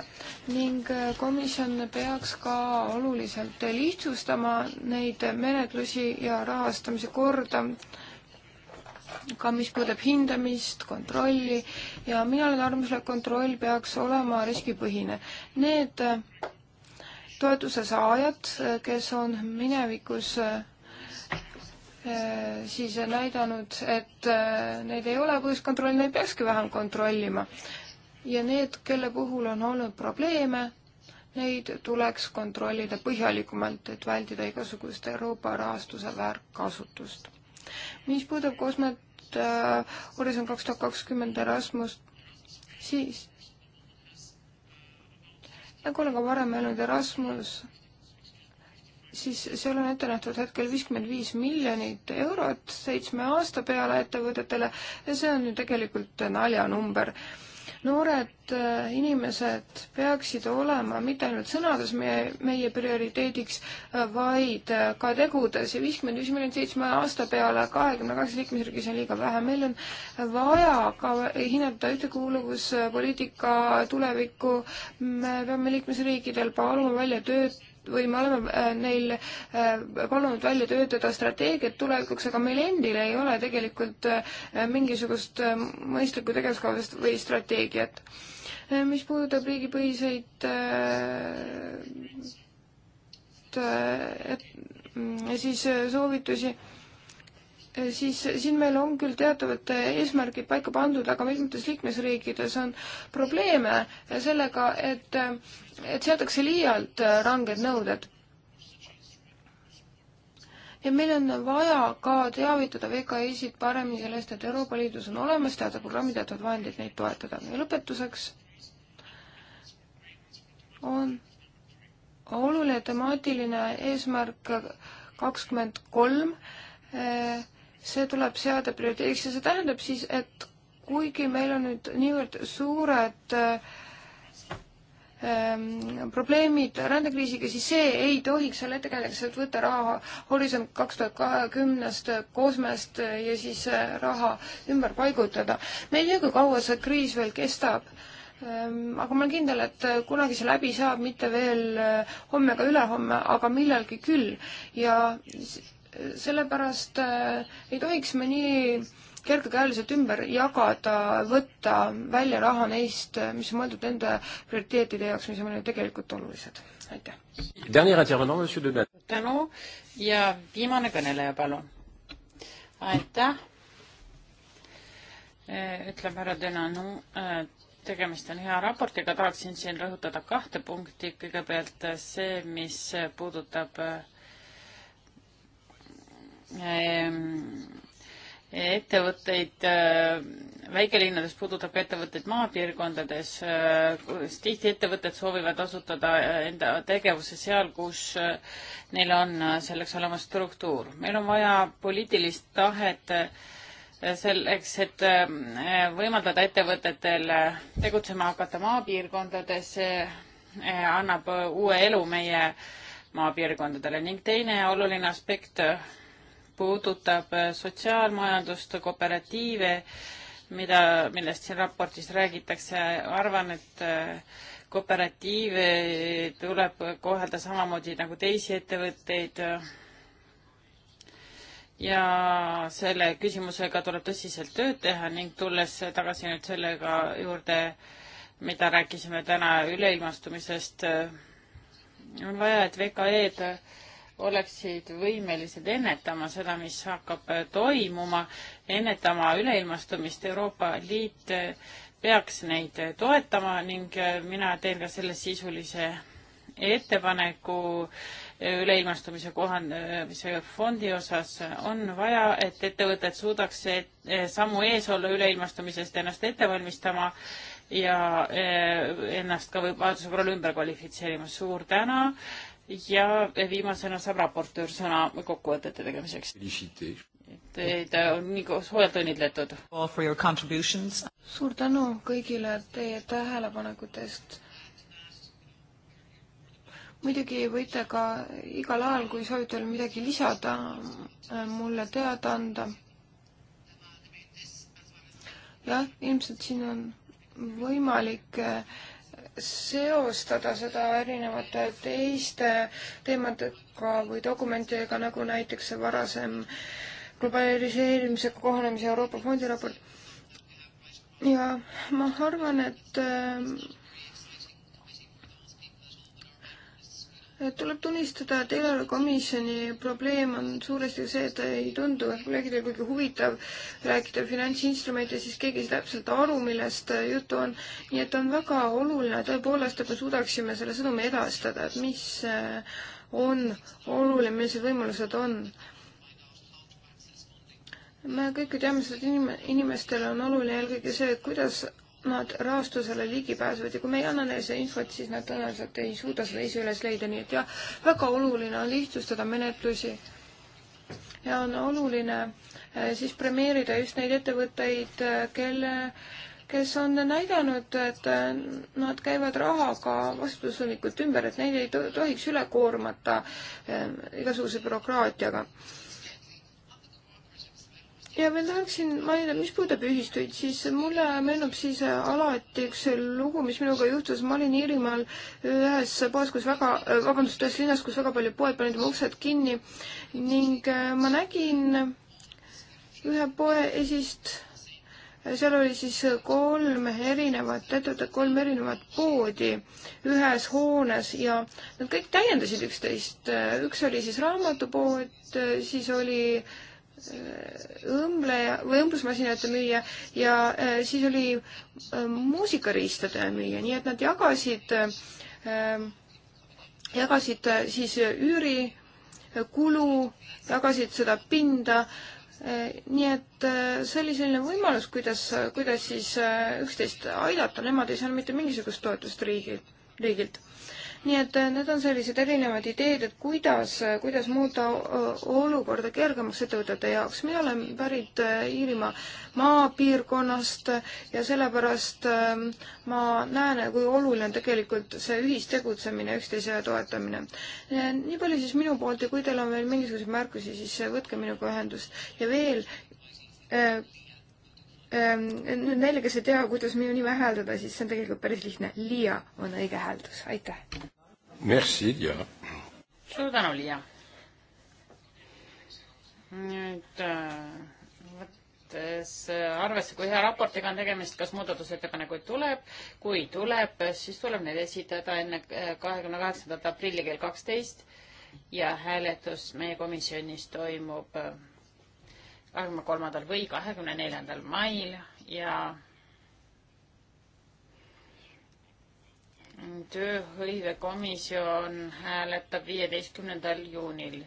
Speaker 2: ning äh, komisjon peaks ka oluliselt lihtsustama neid menetlusi ja rahastamise korda, ka mis puudutab hindamist, kontrolli ja mina olen arvamusel, et kontroll peaks olema riskipõhine. Need äh, toetuse saajad, äh, kes on minevikus äh, Äh, siis näidanud, et äh, neid ei ole põhjust kontrollida, neid peakski vähem kontrollima. ja need, kelle puhul on olnud probleeme, neid tuleks kontrollida põhjalikumalt, et vältida igasugust Euroopa rahastuse väärkasutust. mis puudub kosmet äh, Horisont kaks tuhat kakskümmend Erasmust, siis nagu olen ka varem öelnud, Erasmus siis seal on ette nähtud hetkel viiskümmend viis miljonit eurot seitsme aasta peale ettevõtetele ja see on ju tegelikult naljanumber. noored äh, inimesed peaksid olema mitte ainult sõnades meie, meie prioriteediks, äh, vaid äh, ka tegudes ja viiskümmend viis miljonit seitsme aasta peale kahekümne kaheksa liikmesriigis on liiga vähe. meil on vaja ka hinnata ühtekuuluvuspoliitika tulevikku. me peame liikmesriikidel paluma välja tööd või me oleme äh, neil äh, palunud välja töötada strateegiat tulevikuks, aga meil endil ei ole tegelikult äh, mingisugust mõistlikku tegevuskavast või strateegiat. mis puudutab riigipõhiseid et, et, mm, siis soovitusi Äh, siis siin meil on küll teatavad äh, eesmärgid paika pandud, aga mitmetes liikmesriikides on probleeme sellega, et, äh, et seatakse liialt ranged nõuded. ja meil on vaja ka teavitada VKI-sid paremini sellest, et Euroopa Liidus on olemas teatud programmid, teatud vahendid, neid toetada. ja lõpetuseks on oluline temaatiline eesmärk kakskümmend kolm see tuleb seada prioriteediks ja see tähendab siis, et kuigi meil on nüüd niivõrd suured ähm, probleemid rändekriisiga, siis see ei tohiks olla ettekäändeks, et võtta raha Horisont kaks tuhat kahekümnest koosmeest ja siis äh, raha ümber paigutada. me ei tea, kui kaua see kriis veel kestab ähm,. aga ma olen kindel, et äh, kunagi see läbi saab, mitte veel äh, homme ega ülehomme, aga millalgi küll. ja sellepärast äh, ei tohiks me nii kergekäeliselt ümber jagada, võtta välja raha neist, äh, mis on mõeldud nende prioriteetide jaoks, mis on meile tegelikult olulised. aitäh.
Speaker 3: tänu ja viimane kõneleja, palun. aitäh. Äh, ütleb härra Denanu, tegemist on hea raportiga, tahaksin siin rõhutada kahte punkti, kõigepealt see, mis puudutab Ehm, ettevõtteid äh, väikelinnades, puudutab ka ettevõtteid maapiirkondades, kus äh, tihti ettevõtted soovivad asutada äh, enda tegevuse seal, kus neil on selleks olemas struktuur. meil on vaja poliitilist tahet selleks, et võimaldada ettevõtetel tegutsema hakata maapiirkondades, annab uue elu meie maapiirkondadele ning teine oluline aspekt puudutab äh, sotsiaalmajandust, kooperatiive, mida, millest siin raportis räägitakse, arvan, et äh, kooperatiive tuleb kohelda samamoodi nagu teisi ettevõtteid. ja selle küsimusega tuleb tõsiselt tööd teha ning tulles tagasi nüüd sellega juurde, mida rääkisime täna üleilmastumisest, on vaja, et VKE-d oleksid võimelised ennetama seda, mis hakkab äh, toimuma, ennetama üleilmastumist, Euroopa Liit äh, peaks neid äh, toetama ning mina teen ka selle sisulise ettepaneku üleilmastumise kohandamise fondi osas on vaja, et ettevõtted suudaks sammu ees olla üleilmastumisest ennast ette valmistama ja ennast ka võib vajaduse korral ümber kvalifitseerima. suur täna ja viimasena saab raportöör sõna kokkuvõtete tegemiseks. Teid on nii soojalt õnnitletud.
Speaker 2: suur tänu kõigile teie tähelepanekute eest. muidugi võite ka igal ajal, kui soovite veel midagi lisada, äh, mulle teada anda. jah, ilmselt siin on võimalik äh, seostada seda erinevate teiste teemadega või dokumentidega, nagu näiteks see varasem globaliseerimisega kohanemise Euroopa Fondi raport. ja ma arvan, et ähm, tuleb tunnistada, et eelarvekomisjoni probleem on suuresti see, et ei tundu, et kolleegidel kuigi huvitav rääkida finantsinstrumente, siis keegi ei saa täpselt aru, millest juttu on. nii et on väga oluline tõepoolest, et me suudaksime selle sõnumi edastada, et mis äh, on oluline, millised võimalused on. me kõik ju teame seda, et inimestel on oluline eelkõige see, et kuidas nad rahastusele ligipääsu, et ja kui me ei anna neile seda infot, siis nad tõenäoliselt ei suuda seda ise üles leida, nii et jah, väga oluline on lihtsustada menetlusi. ja on oluline eh, siis premeerida just neid ettevõtteid, eh, kelle, kes on näidanud, et eh, nad käivad rahaga vastutuslikult ümber, et neid ei tohiks üle koormata igasuguse bürokraatiaga ja veel tahaksin mainida, mis puudutab ühistuid, siis mulle meenub siis alati üks lugu, mis minuga juhtus, ma olin Iirimaal ühes poes, kus väga, vabandust, ühes linnas, kus väga paljud poed panid oma uksed kinni ning äh, ma nägin ühe poe esist, seal oli siis kolm erinevat ettevõtet, kolm erinevat poodi ühes hoones ja nad kõik täiendasid üksteist. üks oli siis raamatupood, siis oli äh, õmbleja või õmblusmasinate müüja ja äh, siis oli äh, muusikariistade müüja, nii et nad jagasid, ähm, jagasid äh, siis üürikulu, jagasid seda pinda, nii et see oli selline võimalus, kuidas, kuidas siis üksteist aidata, nemad ei saanud mitte mingisugust toetust riigi, riigilt nii et eh, need on sellised erinevad ideed, et kuidas, eh, kuidas muuta eh, olukorda kergemaks ettevõtete jaoks. mina olen pärit Iirimaa maapiirkonnast ja sellepärast ma näen, kui oluline on tegelikult see ühistegutsemine, üksteise toetamine. nii palju siis minu poolt ja kui teil on veel mingisuguseid märkusi, siis võtke minuga ühendust ja veel Ehm, nüüd neile, kes ei tea, kuidas minu nime hääldada, siis see on tegelikult päris lihtne. Liia on õige hääldus, aitäh.
Speaker 1: Merci, Liia.
Speaker 3: suur tänu, Liia. nüüd äh, võttes äh, arvesse, kui hea raportiga on tegemist, kas muudatusettepanekuid tuleb, kui tuleb, siis tuleb need esitada enne äh, kahekümne kaheksandat aprilli kell kaksteist ja hääletus meie komisjonis toimub kahekümne kolmandal või kahekümne neljandal mail ja tööhõivekomisjon hääletab viieteistkümnendal juunil.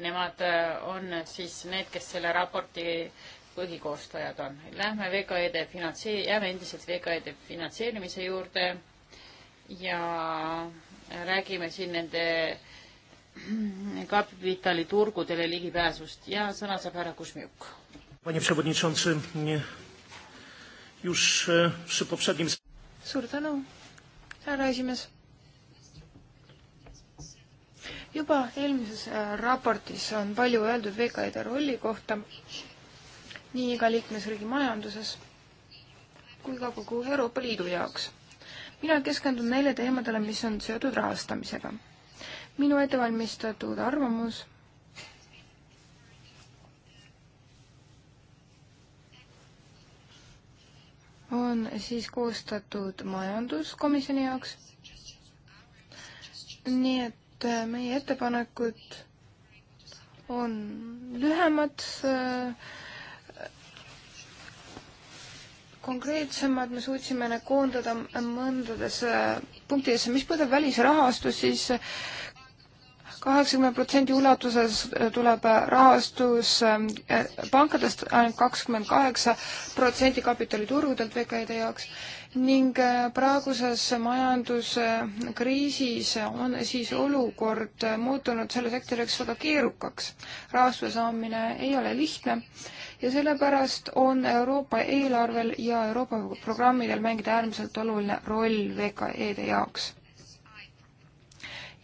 Speaker 3: Nemad äh, on siis need, kes selle raporti põhikoostajad on. Lähme VKE-de finantsee-, jääme endiselt VKE-de finantseerimise juurde ja räägime siin nende kapitaliturgudele ligipääsust ja sõna saab härra Kusmjuk. E,
Speaker 2: suur tänu, härra esimees. juba eelmises e, raportis on palju öeldud VKD e rolli kohta nii iga liikmesriigi majanduses kui ka kogu Euroopa Liidu jaoks. mina keskendun neile teemadele, mis on seotud rahastamisega minu ettevalmistatud arvamus on siis koostatud majanduskomisjoni jaoks. nii et äh, meie ettepanekud on lühemad, äh, konkreetsemad, me suutsime need koondada mõndadesse äh, punktidesse, mis puudutab välisrahastust, siis kaheksakümne protsendi ulatuses tuleb rahastus eh, pankadest ainult kakskümmend kaheksa protsenti kapitaliturgudelt VKD jaoks ning eh, praeguses majanduskriisis on siis olukord muutunud selle sektori jaoks väga keerukaks. rahastuse saamine ei ole lihtne ja sellepärast on Euroopa eelarvel ja Euroopa programmidel mängida äärmiselt oluline roll VKE-de jaoks.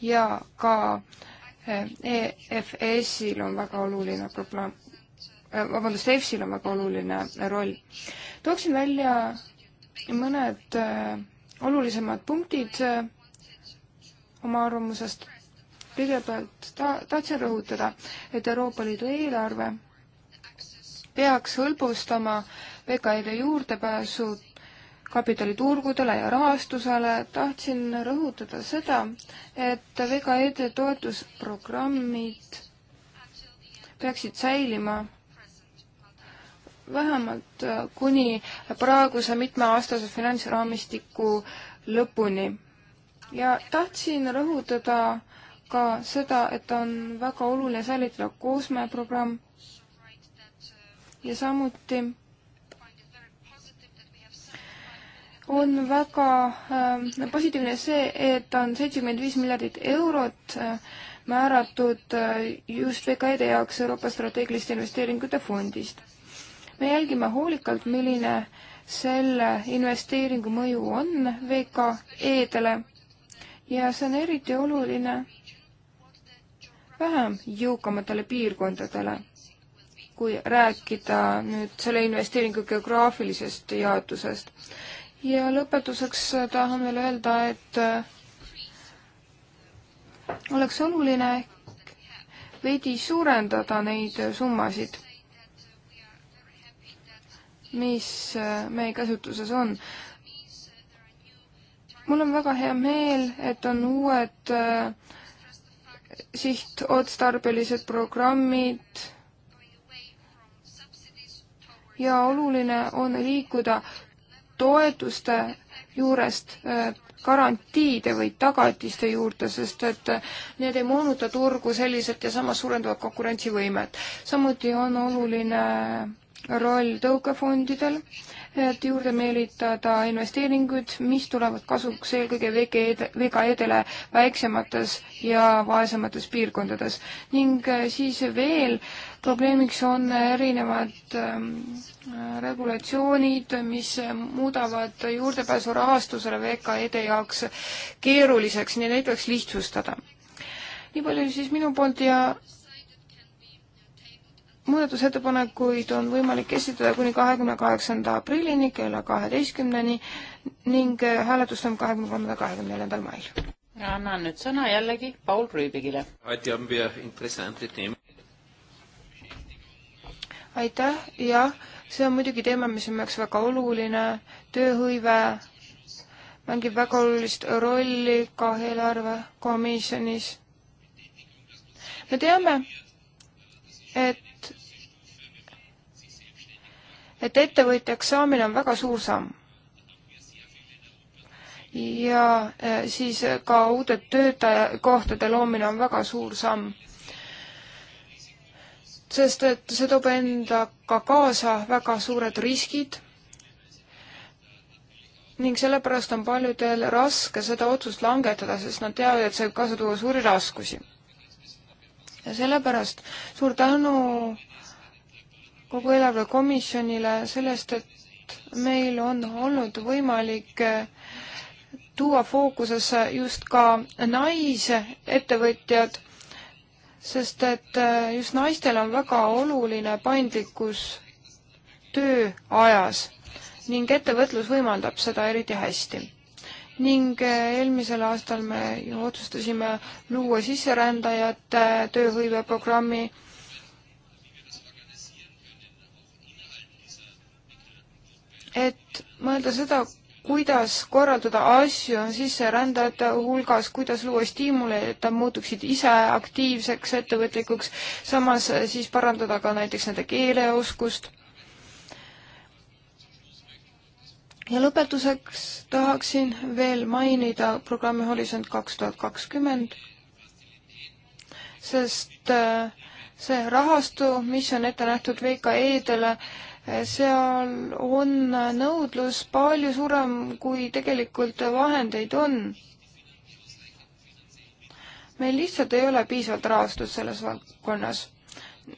Speaker 2: ja ka äh, EFS-il on väga oluline probleem, äh, vabandust, EFS-il on väga oluline roll. tooksin välja mõned äh, olulisemad punktid äh, oma arvamusest. kõigepealt ta-, tahtsin rõhutada, et Euroopa Liidu eelarve peaks hõlbustama VKI-le juurdepääsu kapitaliturgudele ja rahastusele, tahtsin rõhutada seda, et VKE-de toetusprogrammid peaksid säilima vähemalt äh, kuni praeguse mitmeaastase finantsraamistiku lõpuni. ja tahtsin rõhutada ka seda, et on väga oluline säilitada koosmeeprogramm ja samuti on väga äh, positiivne see, et on seitsekümmend viis miljardit eurot äh, määratud äh, just VKE-de jaoks Euroopa strateegiliste investeeringute fondist. me jälgime hoolikalt, milline selle investeeringu mõju on VKE-dele ja see on eriti oluline vähem jõukamatele piirkondadele, kui rääkida nüüd selle investeeringu geograafilisest jaotusest ja lõpetuseks tahan veel öelda, et äh, oleks oluline veidi suurendada neid summasid, mis äh, meie käsutuses on mul on väga hea meel, et on uued äh, sihtotstarbelised programmid ja oluline on liikuda toetuste juurest äh, garantiide või tagatiste juurde, sest et äh, need ei moonuta turgu selliselt ja samas suurendavad konkurentsivõimet. samuti on oluline roll tõukefondidel, et juurde meelitada investeeringuid, mis tulevad kasuks eelkõige VKE-dele väiksemates ja vaesemates piirkondades. ning äh, siis veel äh, probleemiks on erinevad ähm, regulatsioonid, mis muudavad juurdepääsu rahastusele VKE-de jaoks keeruliseks, nii et neid tuleks lihtsustada. nii palju siis minu poolt ja muudatusettepanekuid on võimalik esitada kuni kahekümne kaheksanda aprillini kella kaheteistkümneni ning äh, hääletus toimub kahekümne kolmanda, kahekümne neljandal mail.
Speaker 3: annan nüüd sõna jällegi Paul Rüübigile
Speaker 2: aitäh, jah, see on muidugi teema, mis on meie jaoks väga oluline, tööhõive mängib väga olulist rolli ka eelarvekomisjonis. me teame, et, et ettevõtjaks saamine on väga suur samm. ja eh, siis ka uute töötaja, kohtade loomine on väga suur samm sest et see toob endaga ka kaasa väga suured riskid ning sellepärast on paljudel raske seda otsust langetada, sest nad teavad, et see võib kaasa tuua suuri raskusi. ja sellepärast suur tänu kogu eelarvekomisjonile sellest, et meil on olnud võimalik tuua fookusesse just ka naisettevõtjad sest et äh, just naistel on väga oluline paindlikkus tööajas ning ettevõtlus võimaldab seda eriti hästi. ning äh, eelmisel aastal me ju otsustasime luua sisserändajate tööhõiveprogrammi, et mõelda seda, kuidas korraldada asju sisserändajate hulgas, kuidas luua stiimuleid, et nad muutuksid ise aktiivseks, ettevõtlikuks, samas eh, siis parandada ka näiteks nende keeleoskust. ja lõpetuseks tahaksin veel mainida programmi Horisont kaks tuhat kakskümmend, sest eh, see rahastu, mis on ette nähtud VKE-dele, seal on nõudlus palju suurem, kui tegelikult vahendeid on. meil lihtsalt ei ole piisavalt rahastust selles valdkonnas.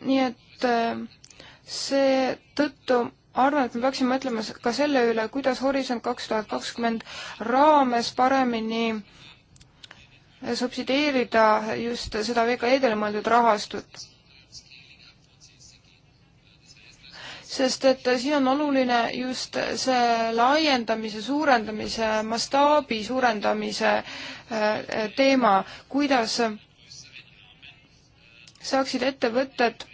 Speaker 2: nii et äh, seetõttu arvan, et me peaksime mõtlema ka selle üle, kuidas Horisont kaks tuhat kakskümmend raames paremini äh, subsideerida just seda VKE-dele mõeldud rahastut sest et siin on oluline just see laiendamise, suurendamise, mastaabi suurendamise äh, teema, kuidas saaksid ettevõtted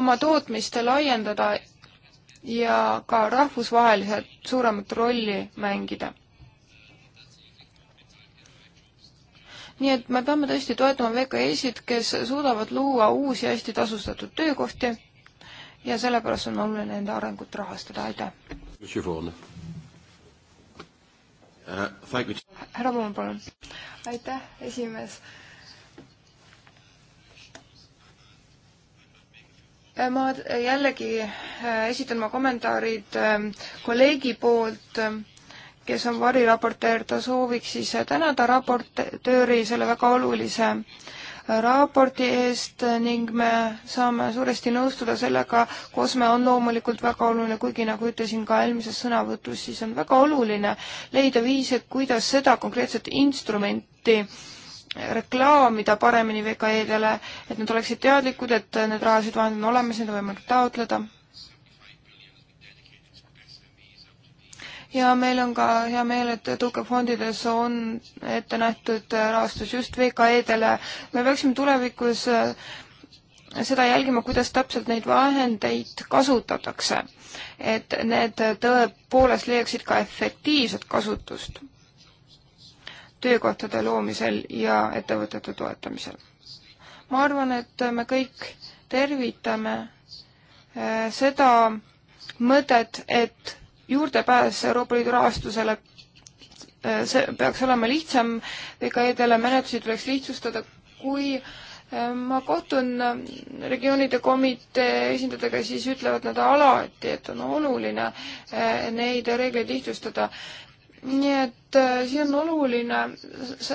Speaker 2: oma tootmist laiendada ja ka rahvusvaheliselt suuremat rolli mängida. nii et me peame tõesti toetama VKE-sid, kes suudavad luua uusi hästi tasustatud töökohti ja sellepärast on oluline nende arengut rahastada, aitäh! Äh, härra Poom, palun! aitäh, esimees! Äh, ma jällegi äh, esitan oma kommentaarid ähm, kolleegi poolt, ähm, kes on variraportöör, ta sooviks siis tänada raportööri selle väga olulise äh, raporti eest ning me saame suuresti nõustuda sellega, COSME on loomulikult väga oluline, kuigi nagu ütlesin ka eelmises sõnavõtus, siis on väga oluline leida viise, kuidas seda konkreetset instrumenti reklaamida paremini VKE-dele, et nad oleksid teadlikud, et need rahalised vahendid on olemas, neid on võimalik taotleda ja meil on ka hea meel, et tõukefondides on ette nähtud äh, rahastus just VKE-dele. me peaksime tulevikus äh, seda jälgima, kuidas täpselt neid vahendeid kasutatakse, et need tõepoolest leiaksid ka efektiivset kasutust töökohtade loomisel ja ettevõtete toetamisel. ma arvan, et me kõik tervitame äh, seda mõtet, et juurdepääs Euroopa Liidu rahastusele, äh, see peaks olema lihtsam, VKE-dele menetlusi tuleks lihtsustada, kui äh, ma kohtun äh, regioonide komitee esindajatega, siis ütlevad nad alati, et on oluline neid reegleid lihtsustada nii et äh, siin on oluline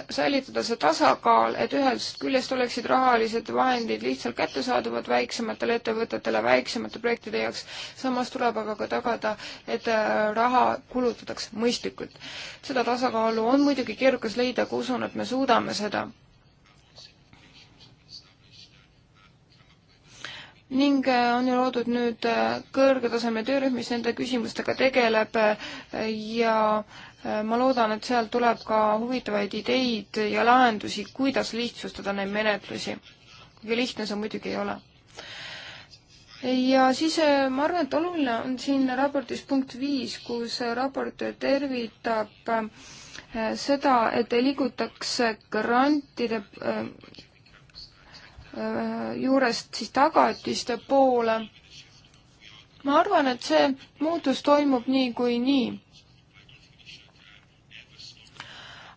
Speaker 2: säilitada see tasakaal, et ühest küljest oleksid rahalised vahendid lihtsalt kättesaadavad väiksematele ettevõtetele, väiksemate projektide jaoks, samas tuleb aga ka tagada, et äh, raha kulutatakse mõistlikult. seda tasakaalu on muidugi keerukas leida, aga usun, et me suudame seda. ning äh, on ju loodud nüüd kõrgetasemel töörühm, mis nende küsimustega tegeleb ja äh, Äh, ma loodan, et sealt tuleb ka huvitavaid ideid ja lahendusi, kuidas lihtsustada neid menetlusi. kuigi lihtne see muidugi ei ole. ja siis äh, ma arvan, et oluline on siin raportis punkt viis, kus raportöör tervitab äh, seda, et liigutakse grantide juurest siis tagatiste poole. ma arvan, et see muutus toimub niikuinii nii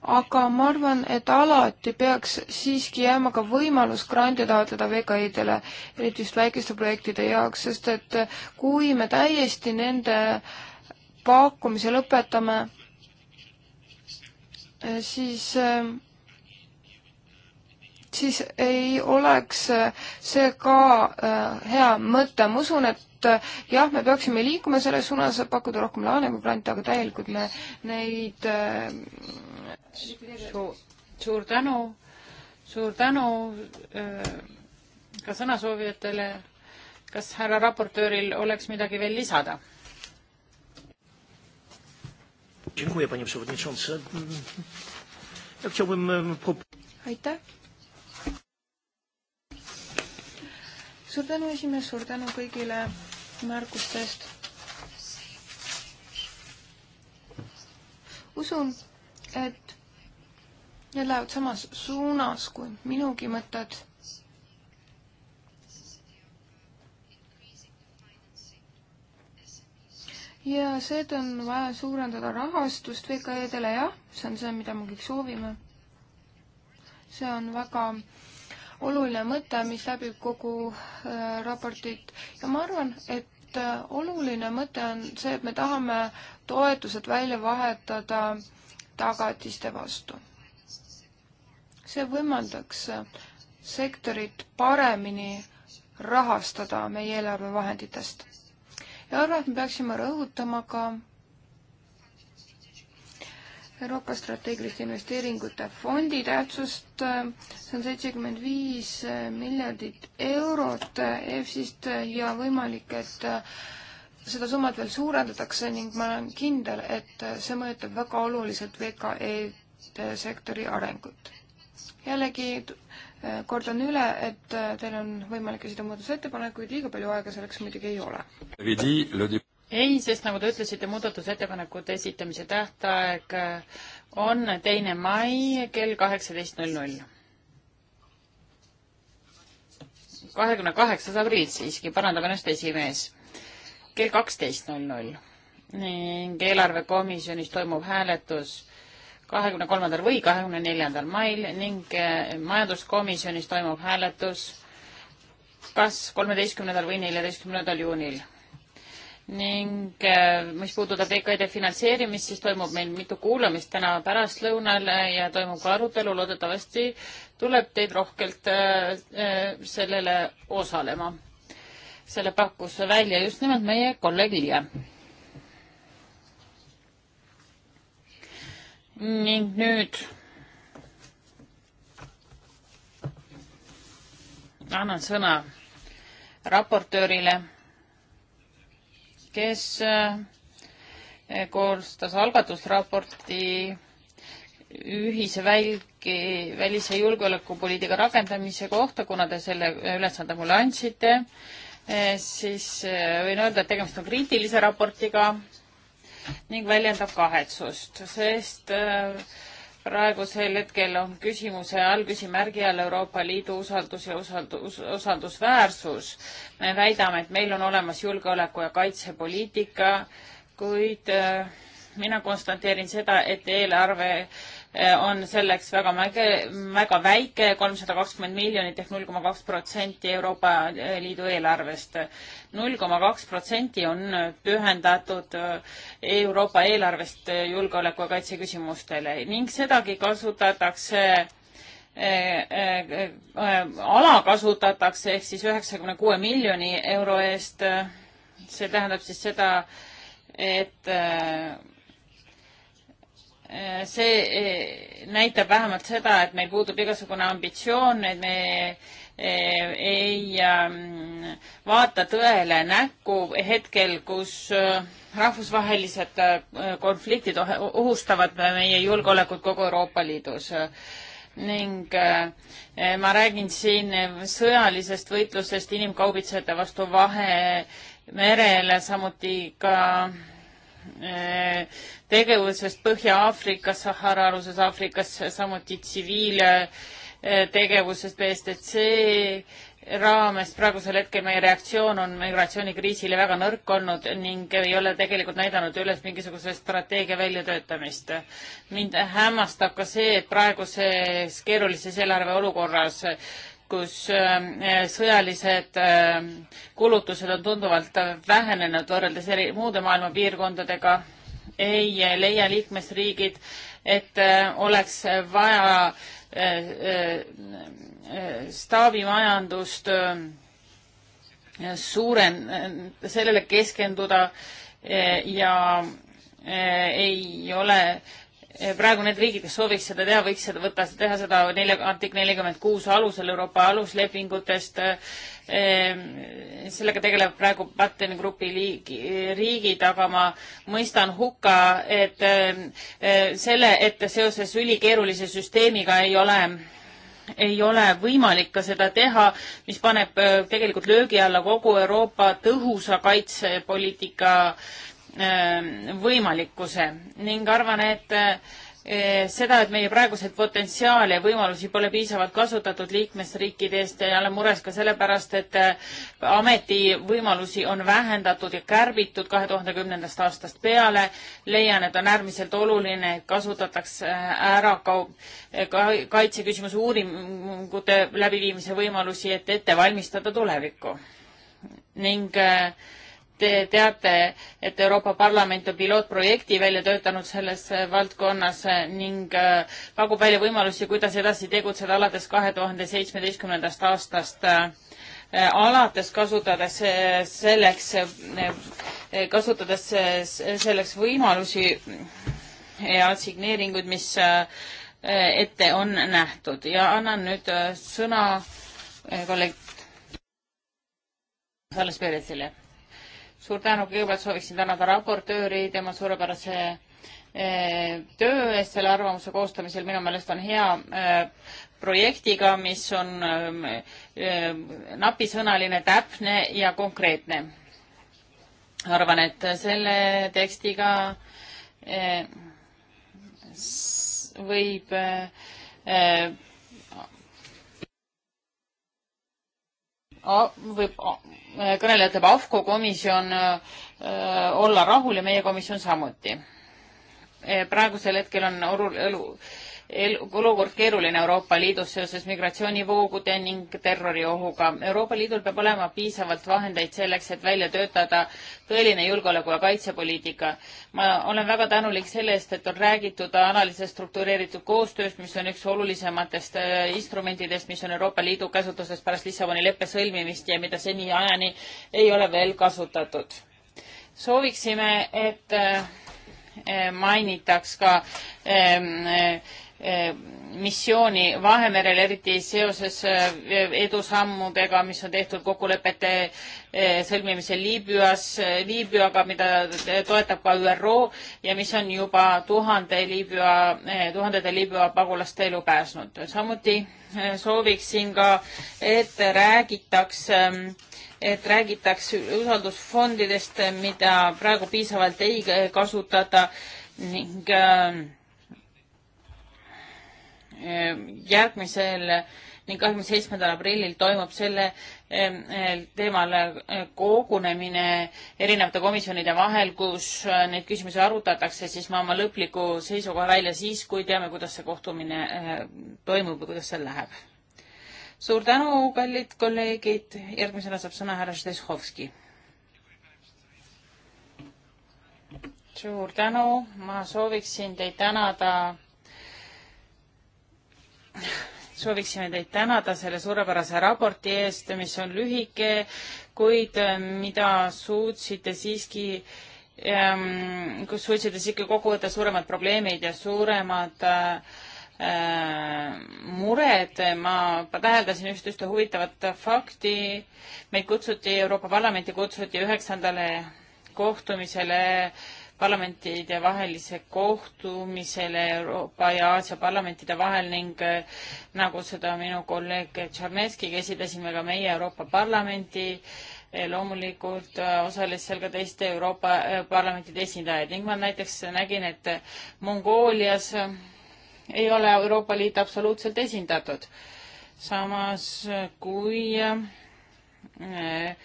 Speaker 2: aga ma arvan, et alati peaks siiski jääma ka võimalus grandi taotleda VKI-dele, eriti just väikeste projektide jaoks, sest et kui me täiesti nende pakkumise lõpetame, siis siis ei oleks see ka äh, hea mõte, ma usun, et äh, jah, me peaksime liikuma selles suunas, pakkuda rohkem laene kui grante, aga täielikult
Speaker 3: me neid äh, suur, suur tänu, suur tänu äh, ka sõnasoovijatele. kas härra raportööril oleks midagi veel lisada?
Speaker 2: aitäh. suur tänu, esimees, suur tänu kõigile märkuste eest. usun, et Need lähevad samas suunas kui minugi mõtted. ja seetõttu on vaja suurendada rahastust VKE-dele, jah, see on see, mida me kõik soovime. see on väga oluline mõte, mis läbib kogu äh, raportit ja ma arvan, et äh, oluline mõte on see, et me tahame toetused välja vahetada tagatiste vastu see võimaldaks äh, sektorit paremini rahastada meie eelarvevahenditest. ja arvan, et me peaksime rõhutama ka Euroopa strateegiliste investeeringute fondi tähtsust, see on seitsekümmend viis miljardit eurot EFSist ja võimalik, et seda summat veel suurendatakse ning ma olen kindel, et see mõjutab väga oluliselt VKE-d sektori arengut jällegi äh, kordan üle, et äh, teil on võimalik esitada muudatusettepanekuid, liiga palju
Speaker 3: aega selleks muidugi ei ole. ei, sest nagu te ütlesite, muudatusettepanekute esitamise tähtaeg äh, on teine mai kell kaheksateist null null. kahekümne kaheksas aprill siiski, parandab ennast esimees, kell kaksteist null null ning eelarvekomisjonis toimub hääletus kahekümne kolmandal või kahekümne neljandal mail ning eh, majanduskomisjonis toimub hääletus kas kolmeteistkümnendal või neljateistkümnendal juunil. ning eh, mis puudutab EKD finantseerimist, siis toimub meil mitu kuulamist täna pärastlõunal eh, ja toimub ka arutelu, loodetavasti tuleb teid rohkelt sellele osalema. selle pakkus välja just nimelt meie kolleeg Liia. ning nüüd annan sõna raportöörile, kes eh, koostas algatusraporti ühise välgi, välise julgeolekupoliitika rakendamise kohta, kuna te selle ülesande mulle andsite, eh, siis eh, võin öelda, et tegemist on kriitilise raportiga ning väljendab kahetsust, sest äh, praegusel hetkel on küsimuse all küsimärgi all Euroopa Liidu usaldus ja usaldus, usaldusväärsus. me väidame, et meil on olemas julgeoleku- ja kaitsepoliitika, kuid äh, mina konstateerin seda, et eelarve Eh, on selleks väga väike, väga väike, kolmsada kakskümmend miljonit ehk null koma kaks protsenti Euroopa eh, Liidu eelarvest. null koma kaks protsenti on pühendatud eh, Euroopa eelarvest julgeoleku ja kaitse küsimustele ning sedagi kasutatakse alakasutatakse ehk siis üheksakümne kuue miljoni euro eest. see tähendab siis seda, et Äh, see äh, näitab vähemalt seda, et meil puudub igasugune ambitsioon, et me äh, ei ähm, vaata tõele näkku hetkel, kus rahvusvahelised konfliktid ohustavad meie julgeolekut kogu Euroopa Liidus. ning ma räägin siin sõjalisest võitlusest inimkaubitsejate vastu Vahemerel, samuti ka tegevusest Põhja-Aafrikas, Sahara-aluses Aafrikas, samuti tsiviiltegevusest BSTC raames. praegusel hetkel meie reaktsioon on migratsioonikriisile väga nõrk olnud ning ei ole tegelikult näidanud üles mingisuguse strateegia väljatöötamist. mind hämmastab ka see, et praeguses keerulises eelarveolukorras kus äh, sõjalised äh, kulutused on tunduvalt vähenenud võrreldes eri muude maailma piirkondadega, ei leia liikmesriigid, et äh, oleks vaja staabimajandust suurem, sellele keskenduda ja ei ole Eh, praegu need riigid, kes sooviks seda teha, võiks seda võtta, teha seda nelja, artik nelikümmend kuus alusel Euroopa aluslepingutest. Eh, sellega tegeleb praegu Batteni grupi liigi, riigid, aga ma mõistan hukka, et eh, selle, et seoses ülikeerulise süsteemiga ei ole ei ole võimalik ka seda teha, mis paneb tegelikult löögi alla kogu Euroopa tõhusa kaitsepoliitika äh, Äh, võimalikkuse ning arvan, et äh, seda, et meie praeguseid potentsiaale ja võimalusi pole piisavalt kasutatud liikmesriikidest ja olen mures ka sellepärast, et äh, ametivõimalusi on vähendatud ja kärbitud kahe tuhande kümnendast aastast peale. leian, et on äärmiselt oluline, et kasutataks ära ka kaitseküsimuse uuringute läbiviimise võimalusi, et ette valmistada tulevikku. ning äh, Te teate, et Euroopa Parlament on pilootprojekti välja töötanud selles äh, valdkonnas äh, ning äh, pakub välja võimalusi, kuidas edasi tegutseda alates kahe tuhande seitsmeteistkümnendast aastast alates kasutades selleks, kasutades selleks võimalusi ja signeeringuid, mis ette on nähtud ja annan nüüd sõna kolleeg Salles Peretsile suur tänu, kõigepealt sooviksin tänada raportööri tema suurepärase eh, töö eest selle arvamuse koostamisel, minu meelest on hea eh, projektiga, mis on eh, napisõnaline, täpne ja konkreetne. arvan, et selle tekstiga võib võib Äh, kõneleja ütleb AFCO komisjon äh, olla rahul ja meie komisjon samuti. Äh, praegusel hetkel on olu-, olukord keeruline Euroopa Liidus seoses migratsioonivoogude ning terroriohuga. Euroopa Liidul peab olema piisavalt vahendeid selleks, et välja töötada tõeline julgeoleku- ja kaitsepoliitika. ma olen väga tänulik selle eest, et on räägitud analüüsist struktureeritud koostööst, mis on üks olulisematest äh, instrumentidest, mis on Euroopa Liidu käsutuses pärast Lissaboni leppe sõlmimist ja mida seniajani ei ole veel kasutatud. sooviksime, et äh, äh, mainitaks ka ähm, Eh, missiooni Vahemerel, eriti seoses eh, edusammudega, mis on tehtud kokkulepete eh, sõlmimisel Liibüas, Liibüaga, mida toetab ka ÜRO ja mis on juba tuhande Liibüa, tuhandete Liibüa pagulaste elu päästnud. samuti sooviksin ka, et räägitaks et räägitakse usaldusfondidest, mida praegu piisavalt ei kasutata ning äh, Ehm, järgmisel ning kahekümne seitsmendal aprillil toimub selle ehm, eh, teemal eh, kogunemine erinevate komisjonide vahel, kus eh, neid küsimusi arutatakse, siis ma oma lõpliku seisukoha välja siis, kui teame, kuidas see kohtumine toimub ja kuidas seal läheb. suur tänu, kallid kolleegid, järgmisena saab sõna härra Šteshovski. suur tänu, ma sooviksin teid tänada sooviksime teid tänada selle suurepärase raporti eest, mis on lühike, kuid äh, mida suutsite siiski ähm,, kus suutsite siiski kokku võtta suuremad probleemid ja suuremad äh, äh mured, ma täheldasin just ühte huvitavat fakti, meid kutsuti, Euroopa Parlamenti kutsuti üheksandale kohtumisele äh, parlamentide vahelise kohtumisele Euroopa ja Aasia parlamentide vahel ning eh, nagu seda minu kolleeg Tšarneskiga esitasime ka meie Euroopa Parlamenti eh, loomulikult eh, osales seal ka teiste Euroopa parlamentide esindajad ning ma näiteks nägin, et Mongoolias ei ole Euroopa Liit absoluutselt esindatud. samas kui äh,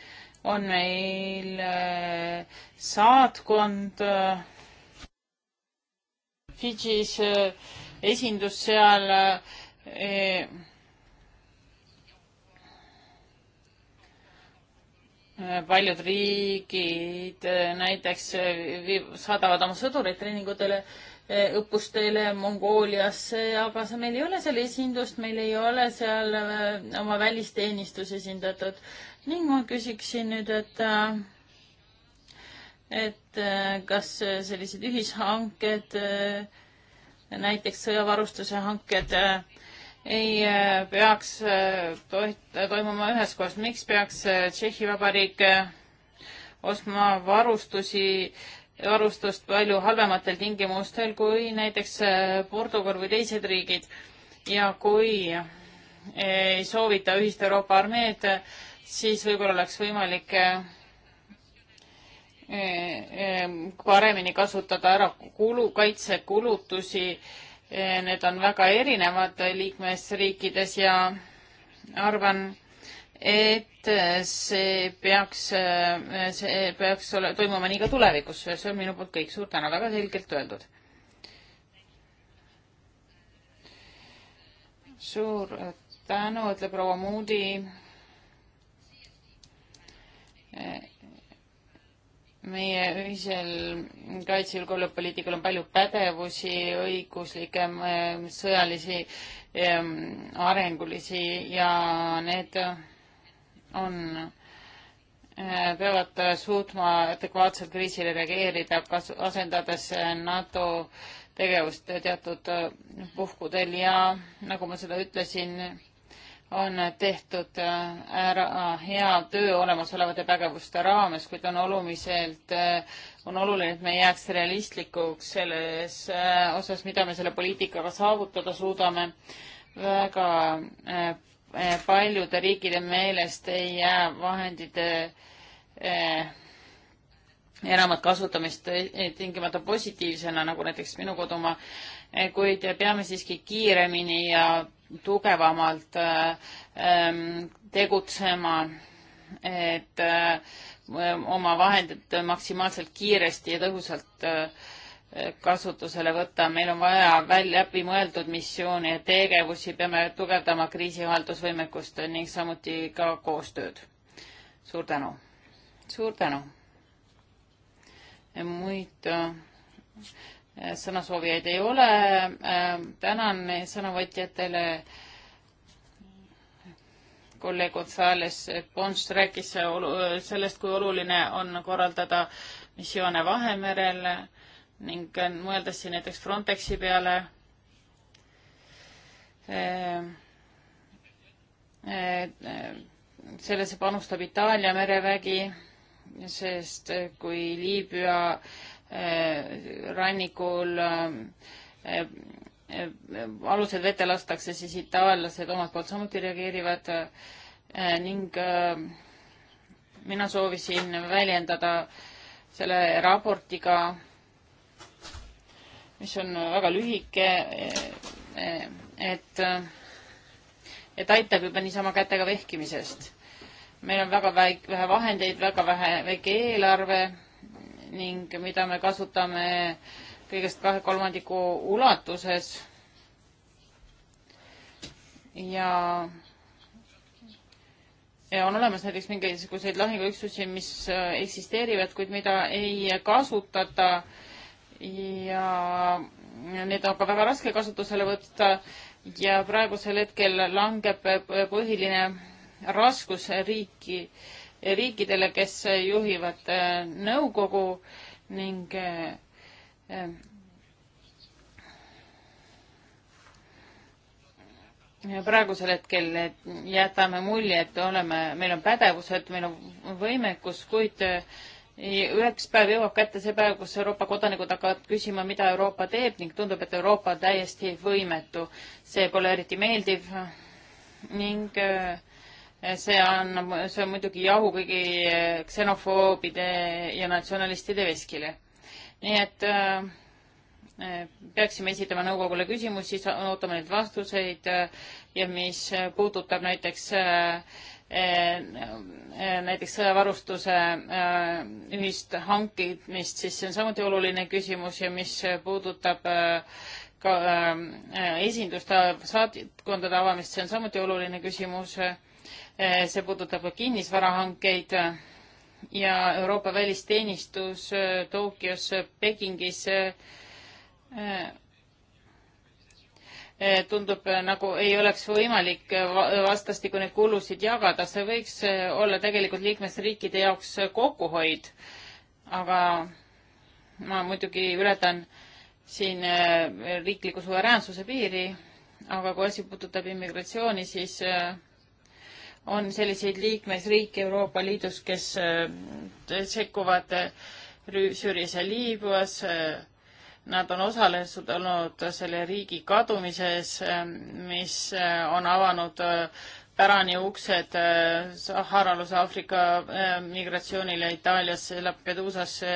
Speaker 3: on meil äh, saatkond äh, Fidžis, äh, esindus seal paljud riigid näiteks saadavad oma sõdureid treeningutele, õppustele Mongooliasse, aga see, meil ei ole seal esindust, meil ei ole seal oma välisteenistus esindatud ning ma küsiksin nüüd, et äh, et äh, kas sellised ühishanked, äh, näiteks sõjavarustuse hanked, ei peaks toimuma ühes kohas, miks peaks Tšehhi Vabariik ostma varustusi, varustust palju halvematel tingimustel kui näiteks Portugal või teised riigid ja kui ei soovita ühist Euroopa armeed, siis võib-olla oleks võimalik eh, eh, paremini kasutada ära kulu, kaitsekulutusi. Eh, need on väga erinevad liikmesriikides ja arvan, et see peaks, see peaks ole, toimuma nii ka tulevikus. see on minu poolt kõik. suur tänu, väga selgelt öeldud. suur tänu, ütleb proua Moody meie ühisel kaitsejulgeolekupoliitikal on palju pädevusi, õiguslikke, ähm, sõjalisi, ähm, arengulisi ja need on, äh, peavad suutma adekvaatselt kriisile reageerida, kas asendades NATO tegevust teatud äh, puhkudel ja nagu ma seda ütlesin, on tehtud äh, ära äh, hea töö olemasolevate pädevuste raames, kuid on oluliselt, äh, on oluline, et me jääks realistlikuks selles osas, mida me selle poliitikaga saavutada suudame. väga paljude riikide meelest ei jää vahendid enamat kasutamist tingimata positiivsena, nagu näiteks minu kodumaa, kuid peame siiski kiiremini ja tugevamalt äh, ähm, tegutsema, et äh, oma vahendid maksimaalselt kiiresti ja tõhusalt äh, kasutusele võtta, meil on vaja välja läbimõeldud missioone ja tegevusi, peame tugevdama kriisihaldusvõimekust ning samuti ka koostööd. suur tänu. suur tänu. muid Äh, sõnasoovijaid ei ole. Äh, tänan sõnavõtjatele. kolleeg Gonzales Pons rääkis sellest, kui oluline on korraldada missioone Vahemerel ning mõeldes siin näiteks Frontexi peale äh, sellesse panustab Itaalia merevägi, sest kui Liibüa Äh, rannikul äh, äh, alused vette lastakse, siis itaallased omalt poolt samuti reageerivad ning mina soovisin väljendada selle raportiga, mis on väga lühike, et, et aitab juba niisama kätega vehkimisest. meil on väga väike, vähe vahendeid, väga vähe, väike eelarve ning mida me kasutame kõigest kahe kolmandiku ulatuses. ja ja on olemas näiteks mingisuguseid lahinguüksusi, mis äh, eksisteerivad, kuid mida ei kasutata ja need on ka väga raske kasutusele võtta ja praegusel hetkel langeb põhiline raskus riiki äh, riikidele, kes juhivad äh, nõukogu ning äh, äh, praegusel hetkel jätame mulje, et oleme, meil on pädevused, meil on võimekus, kuid üheks päev jõuab kätte see päev, kus Euroopa kodanikud hakkavad küsima, mida Euroopa teeb ning tundub, et Euroopa on täiesti võimetu. see pole eriti meeldiv ning äh, see on, see on muidugi jahu kõigi ksenofoobide ja natsionalistide veskile. nii et äh, äh peaksime esitama nõukogule küsimusi, ootame neid vastuseid äh, ja mis puudutab näiteks äh, äh näiteks sõjavarustuse ühist hankimist, siis see on samuti oluline küsimus ja mis puudutab ka esinduste saatkondade avamist, see on samuti oluline küsimus Eh, see puudutab ka kinnisvarahankeid ja Euroopa välisteenistus eh, Tokyos, Pekingis eh, tundub nagu ei oleks võimalik vastastikku neid kulusid jagada, see võiks olla tegelikult liikmesriikide jaoks kokkuhoid. aga ma muidugi ületan siin riikliku suveräänsuse piiri, aga kui asi puudutab immigratsiooni, siis äh, on selliseid liikmesriike Euroopa Liidus, kes äh, sekkuvad äh, Süürias ja Liibüas. Äh, nad on osalenud olnud selle riigi kadumises, mis on avanud pärani uksed Saharaluse Aafrika migratsioonile Itaaliasse, Lampedusasse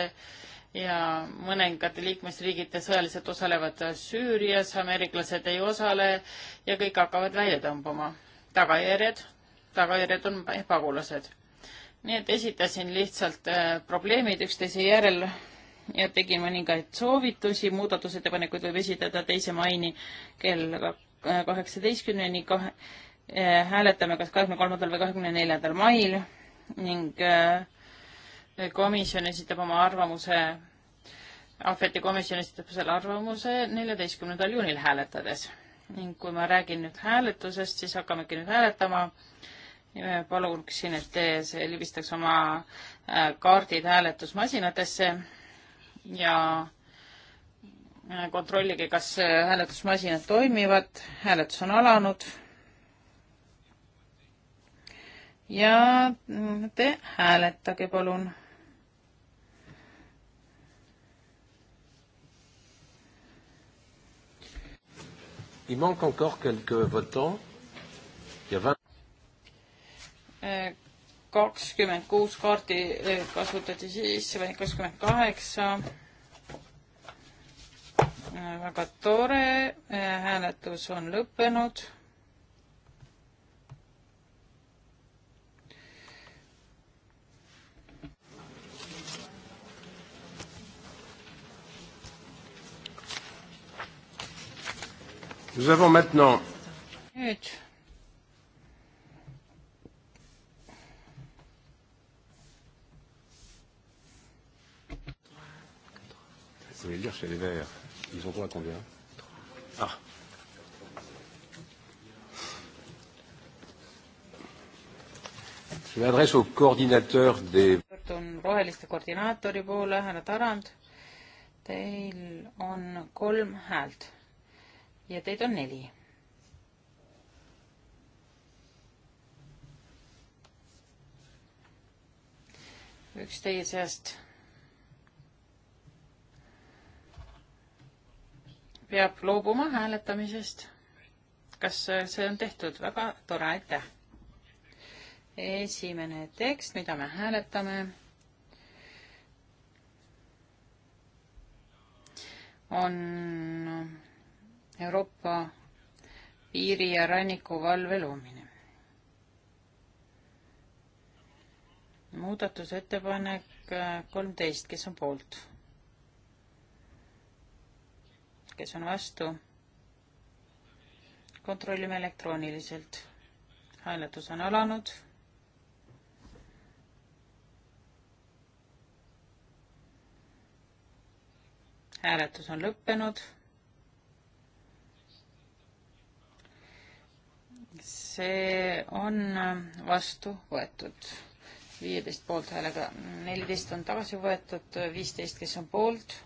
Speaker 3: ja mõningad liikmesriigid sõjaliselt osalevad Süürias, ameeriklased ei osale ja kõik hakkavad välja tõmbama. tagajärjed tagajärjed on pagulased. nii et esitasin lihtsalt äh, probleemid üksteise järel ja tegin mõningaid soovitusi, muudatusettepanekuid võib esitada teise maini kell äh, kaheksateistkümneni kahe, äh, hääletame kas kahekümne kolmandal või kahekümne neljandal mail ning komisjon esitab oma arvamuse, ahveti komisjon esitab selle arvamuse neljateistkümnendal juunil hääletades ning kui ma räägin nüüd hääletusest, siis hakkamegi nüüd hääletama paluksin, et te see libistaks oma äh, kaardid hääletusmasinatesse ja äh, kontrollige, kas äh, hääletusmasinad toimivad. hääletus on alanud. ja mm, te hääletage, palun.
Speaker 1: Il manque encore quelques votants. Il y a 20
Speaker 3: kakskümmend kuus kaarti eh, kasutati sisse või kakskümmend kaheksa. Eh, väga tore, eh, hääletus on lõppenud. Nous avons maintenant nüüd Je voulais dire chez les Verts. Ils ont droit à combien Ah. Je m'adresse au coordinateur des... pöördun roheliste koordinaatori poole, härra Tarand. Teil on kolm häält ja teid on neli üks teie seast peab loobuma hääletamisest. kas see on tehtud? väga tore, aitäh. esimene tekst, mida me hääletame, on Euroopa piiri ja rannikuvalve loomine. muudatusettepanek kolmteist, kes on poolt? kes on vastu? kontrollime elektrooniliselt. hääletus on alanud. hääletus on lõppenud. see on vastu võetud viieteist poolthäälega, neliteist on tagasi võetud, viisteist, kes on poolt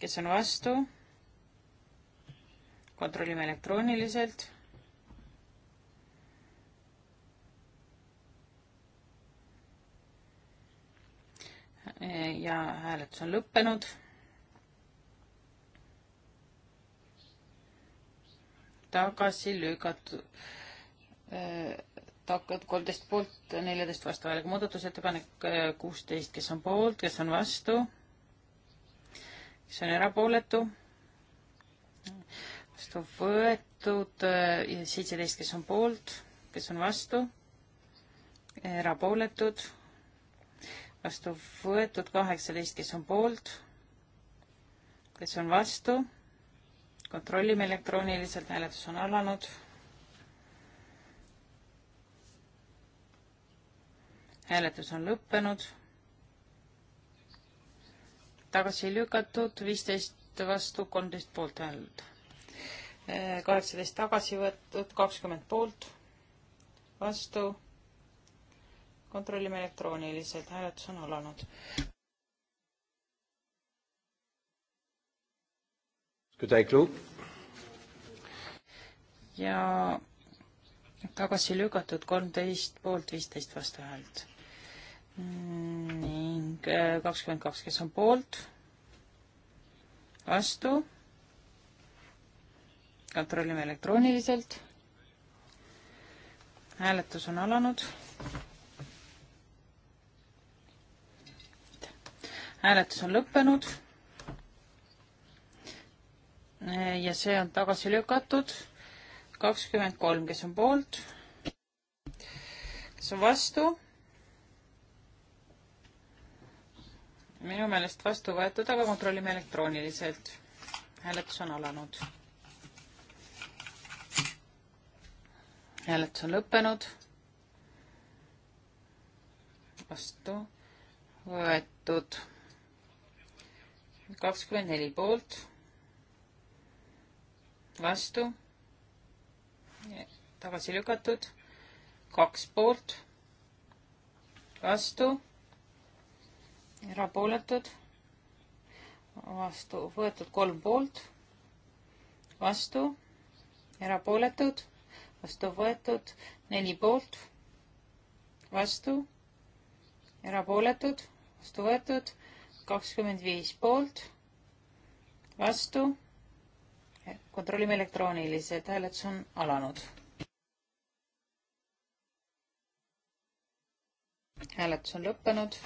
Speaker 3: kes on vastu? kontrollime elektrooniliselt. ja hääletus on lõppenud. tagasi lükatud äh, takkad kolmteist poolt, neljateist vastu häälega muudatusettepanek äh, kuusteist, kes on poolt, kes on vastu, see on erapooletu, vastu võetud ja seitseteist, kes on poolt, kes on vastu, erapooletud, vastu võetud kaheksateist, kes on poolt, kes on vastu, kontrollime elektrooniliselt, hääletus on alanud hääletus on lõppenud tagasi lükatud, viisteist vastu, kolmteist poolt häält. Äh, kaheksateist tagasi võetud, kakskümmend poolt, vastu. kontrollime elektrooniliselt, hääletus on alanud. ja tagasi lükatud kolmteist poolt, viisteist vastuhäält ning äh, kakskümmend kaks, kes on poolt, vastu. kontrollime elektrooniliselt. hääletus on alanud. hääletus on lõppenud. ja see on tagasi lükatud. kakskümmend kolm, kes on poolt, kes on vastu minu meelest vastu võetud, aga kontrollime elektrooniliselt. hääletus on alanud. hääletus on lõppenud. vastu võetud kakskümmend neli poolt, vastu, tagasi lükatud, kaks poolt, vastu erapooletud, vastu võetud kolm poolt, vastu, erapooletud, vastu võetud neli poolt, vastu, erapooletud, vastu võetud kakskümmend viis poolt, vastu, kontrollime elektrooniliselt, hääletus on alanud hääletus on lõppenud.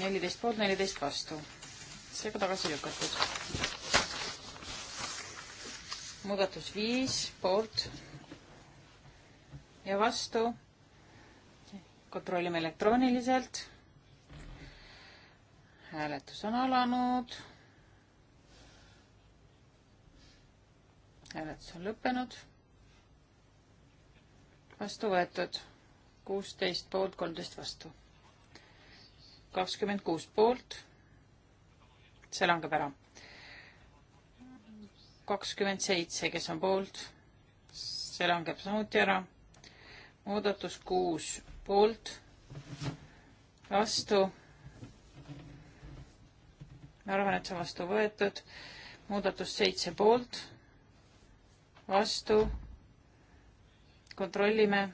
Speaker 3: neliteist poolt, neliteist vastu. seega tagasi lükatud. muudatus viis poolt ja vastu. kontrollime elektrooniliselt. hääletus on alanud. hääletus on lõppenud. vastu võetud kuusteist poolt, kolmteist vastu kakskümmend kuus poolt, see langeb ära. kakskümmend seitse, kes on poolt, see langeb samuti ära. muudatus kuus poolt, vastu. ma arvan, et see on vastu võetud. muudatus seitse poolt, vastu. kontrollime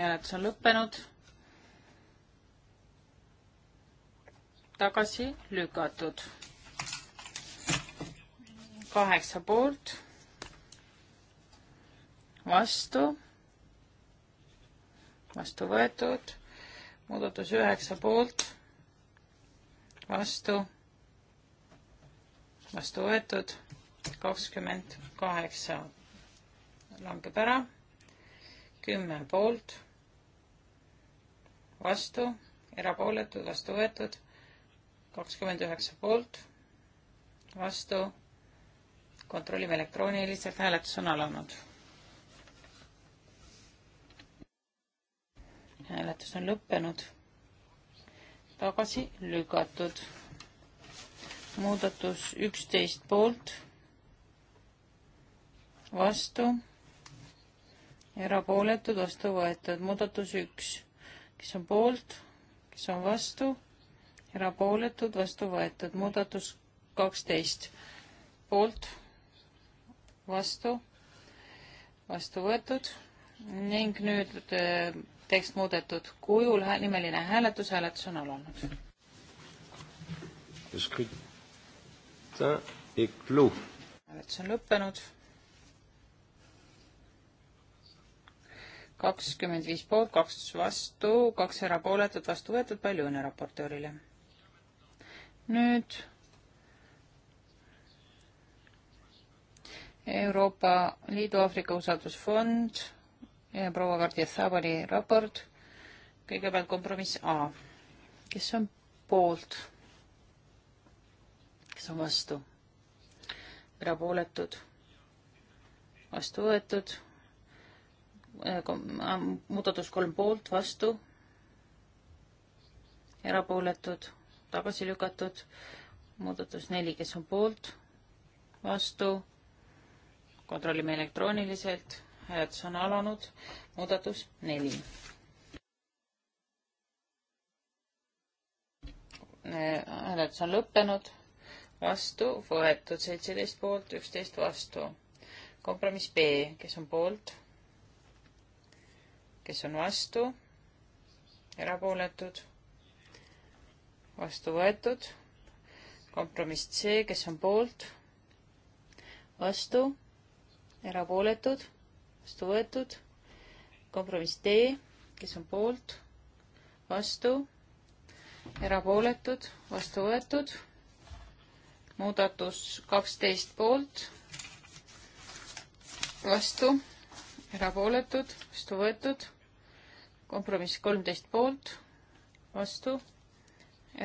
Speaker 3: hääletus on lõppenud. tagasi lükatud. kaheksa poolt, vastu, vastu võetud, muudatus üheksa poolt, vastu, vastu võetud, kakskümmend kaheksa langeb ära, kümme poolt vastu, erapooletud, vastu võetud, kakskümmend üheksa poolt, vastu, kontrollime elektrooniliselt, hääletus on alanud. hääletus on lõppenud, tagasi lükatud, muudatus üksteist poolt, vastu erapooletud, vastu võetud. muudatus üks kes on poolt, kes on vastu, erapooletud, vastu võetud. muudatus kaksteist, poolt, vastu, vastu võetud ning nüüd äh, tekst muudetud kujul hää, nimeline hääletus, hääletus on alanud.
Speaker 1: hääletus
Speaker 3: on lõppenud kakskümmend viis poolt, kaks vastu, kaks erapooletut, vastu võetud, palju õnne raportöörile. nüüd Euroopa Liidu Aafrika usaldusfond ja proua Kardiasabali raport, kõigepealt kompromiss A. kes on poolt? kes on vastu? erapooletud? vastu võetud Äh, äh, muudatus kolm poolt, vastu, erapooletud, tagasi lükatud, muudatus neli, kes on poolt, vastu, kontrollime elektrooniliselt, hääletus on alanud, muudatus neli. Äh, hääletus on lõppenud, vastu võetud seitseteist poolt, üksteist vastu. kompromiss B, kes on poolt kes on vastu, erapooletud, vastu võetud, kompromiss C, kes on poolt, vastu, erapooletud, vastu võetud, kompromiss D, kes on poolt, vastu, erapooletud, vastu võetud, muudatus kaksteist poolt, vastu, erapooletud, vastu võetud kompromiss kolmteist poolt, vastu,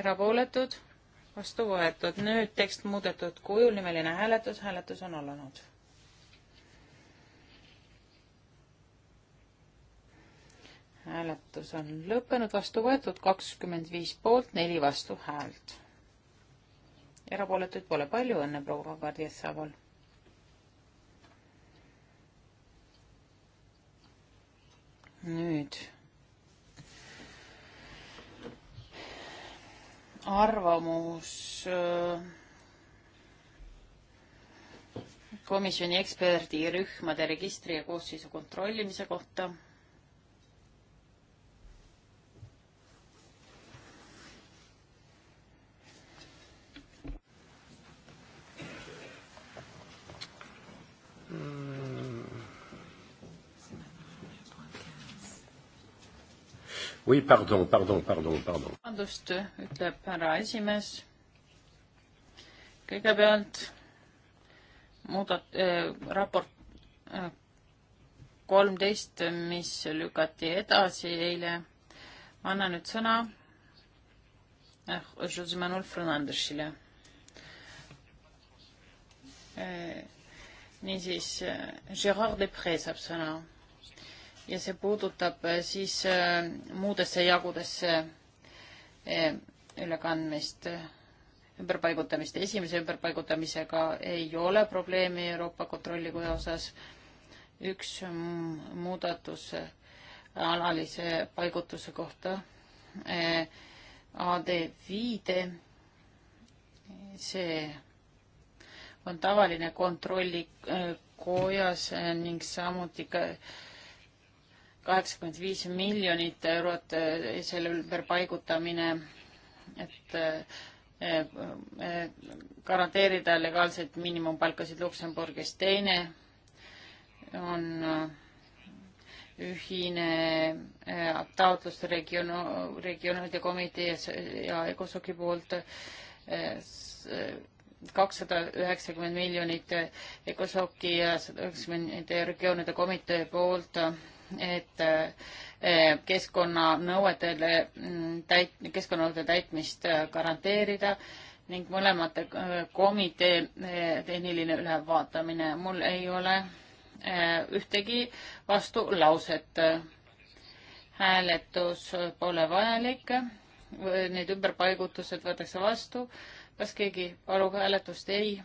Speaker 3: erapooletud, vastu võetud. nüüd tekst muudetud kujul, nimeline hääletus, hääletus on alanud. hääletus on lõppenud, vastu võetud kakskümmend viis poolt, neli vastuhäält. erapooletuid pole palju, õnne proua Kadrietsaval nüüd arvamus äh, komisjoni eksperdirühmade registri ja koosseisu kontrollimise kohta oui, pardon, pardon, pardon, pardon. vabandust, ütleb härra esimees. kõigepealt muudat- äh,, raport äh, kolmteist äh,, mis lükati edasi eile. annan nüüd sõna äh, José Manuel Fernandesile äh,. niisiis, äh, Gerard Depree saab sõna ja see puudutab äh, siis äh, muudesse jagudesse äh, ülekandmist, ümberpaigutamist. esimese ümberpaigutamisega ei ole probleemi Euroopa Kontrollikoja osas. üks muudatus alalise paigutuse kohta AD viide, see on tavaline kontrollikojas ning samuti ka äh, kaheksakümmend viis miljonit eurot eh, selle ümber paigutamine, et eh, eh, garanteerida legaalseid miinimumpalkasid Luksemburgis. teine on ühine taotlus regioon, regioonide komitee ja ECOSOC-i poolt kakssada üheksakümmend miljonit ECOSOC-i ja sada üheksakümmend regioonide komitee poolt et eh, keskkonnanõuetele mm, täit-, keskkonnanõuete täitmist eh, garanteerida ning mõlemate eh, komitee tehniline ülevaatamine. mul ei ole ühtegi vastulauset. hääletus pole vajalik, need ümberpaigutused võetakse vastu. kas keegi palub hääletust? ei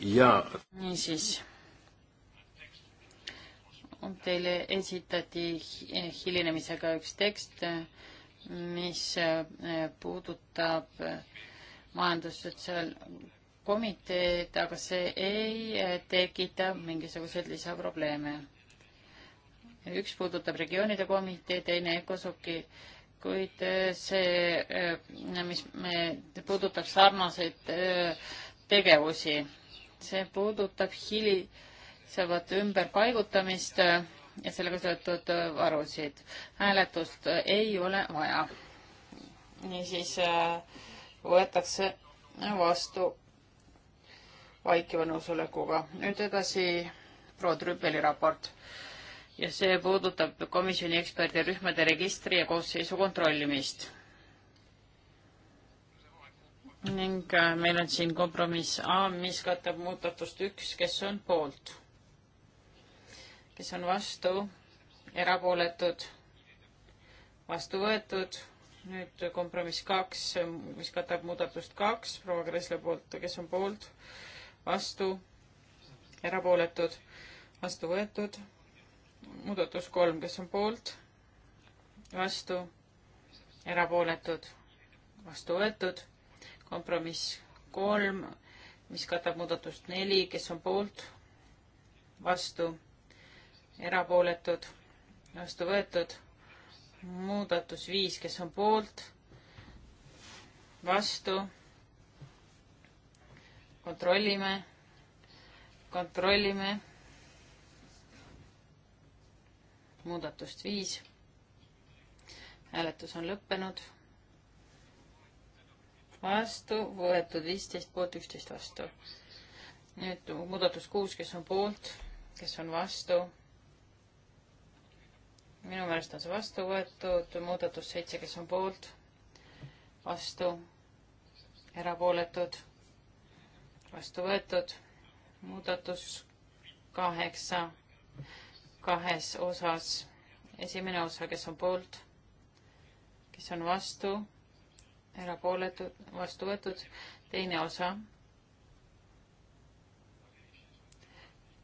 Speaker 3: ja. niisiis. Teile esitati hilinemisega üks tekst, mis äh, puudutab äh, majandussotsiaalkomiteed, aga see ei äh, tekita mingisuguseid lisaprobleeme. üks puudutab regioonide komitee, teine ECOSOC-i kuid eh, see, eh, mis me, puudutab sarnaseid eh, tegevusi, see puudutab hilisemat ümberpaigutamist ja sellega seotud varusid. hääletust ei ole vaja. niisiis võetakse vastu vaikiva nõusolekuga. nüüd edasi proua Trüppeli raport ja see puudutab komisjoni eksperdirühmade registri ja koosseisu kontrollimist. ning äh, meil on siin kompromiss A, mis katab muudatust üks, kes on poolt, kes on vastu, erapooletud, vastu võetud, nüüd kompromiss kaks, mis katab muudatust kaks, proua Kresle poolt, kes on poolt, vastu, erapooletud, vastu võetud muudatus kolm, kes on poolt, vastu, erapooletud, vastu võetud, kompromiss kolm, mis katab muudatust neli, kes on poolt, vastu, erapooletud, vastu võetud, muudatus viis, kes on poolt, vastu, kontrollime, kontrollime muudatust viis. hääletus on lõppenud. vastu võetud viisteist poolt, üksteist vastu. nüüd muudatus kuus, kes on poolt, kes on vastu. minu meelest on see vastu võetud, muudatus seitse, kes on poolt, vastu, erapooletud, vastu võetud, muudatus kaheksa kahes osas. esimene osa, kes on poolt, kes on vastu, erapooletud, vastu võetud, teine osa.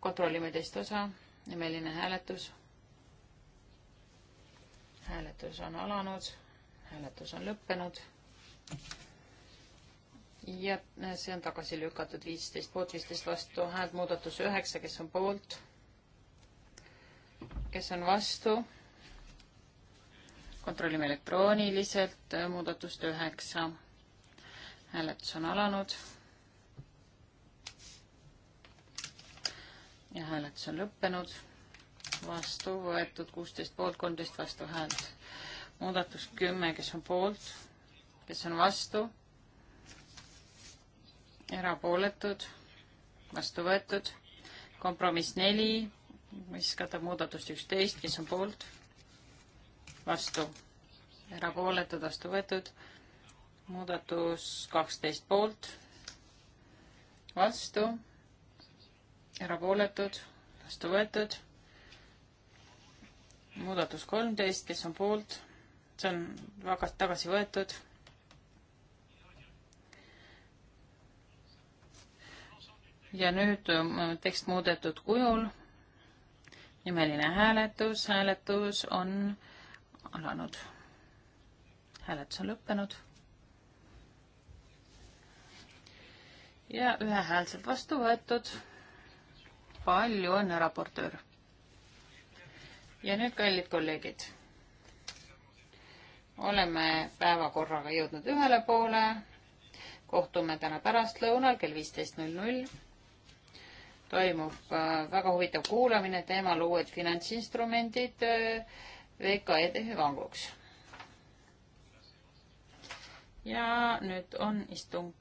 Speaker 3: kontrollime teist osa, nimeline hääletus. hääletus on alanud, hääletus on lõppenud ja see on tagasi lükatud viisteist poolt, viisteist vastu häält, muudatus üheksa, kes on poolt, kes on vastu? kontrollime elektrooniliselt äh, muudatust üheksa. hääletus on alanud. ja hääletus on lõppenud. vastu võetud kuusteist poolt, kolmteist vastuhäält. muudatus kümme, kes on poolt, kes on vastu, erapooletud, vastu võetud. kompromiss neli mis katab muudatust üksteist, kes on poolt, vastu, erapooletud, vastu võetud, muudatus kaksteist poolt, vastu, erapooletud, vastu võetud, muudatus kolmteist, kes on poolt, see on väga tagasi võetud ja nüüd äh, tekst muudetud kujul nimeline hääletus, hääletus on alanud. hääletus on lõppenud. ja ühehäälselt vastu võetud. palju õnne, raportöör. ja nüüd, kallid kolleegid, oleme päevakorraga jõudnud ühele poole. kohtume täna pärastlõunal kell viisteist null null toimub äh, väga huvitav kuulamine teemal uued finantsinstrumendid äh, VKE-de hüvanguks. ja nüüd
Speaker 1: on istung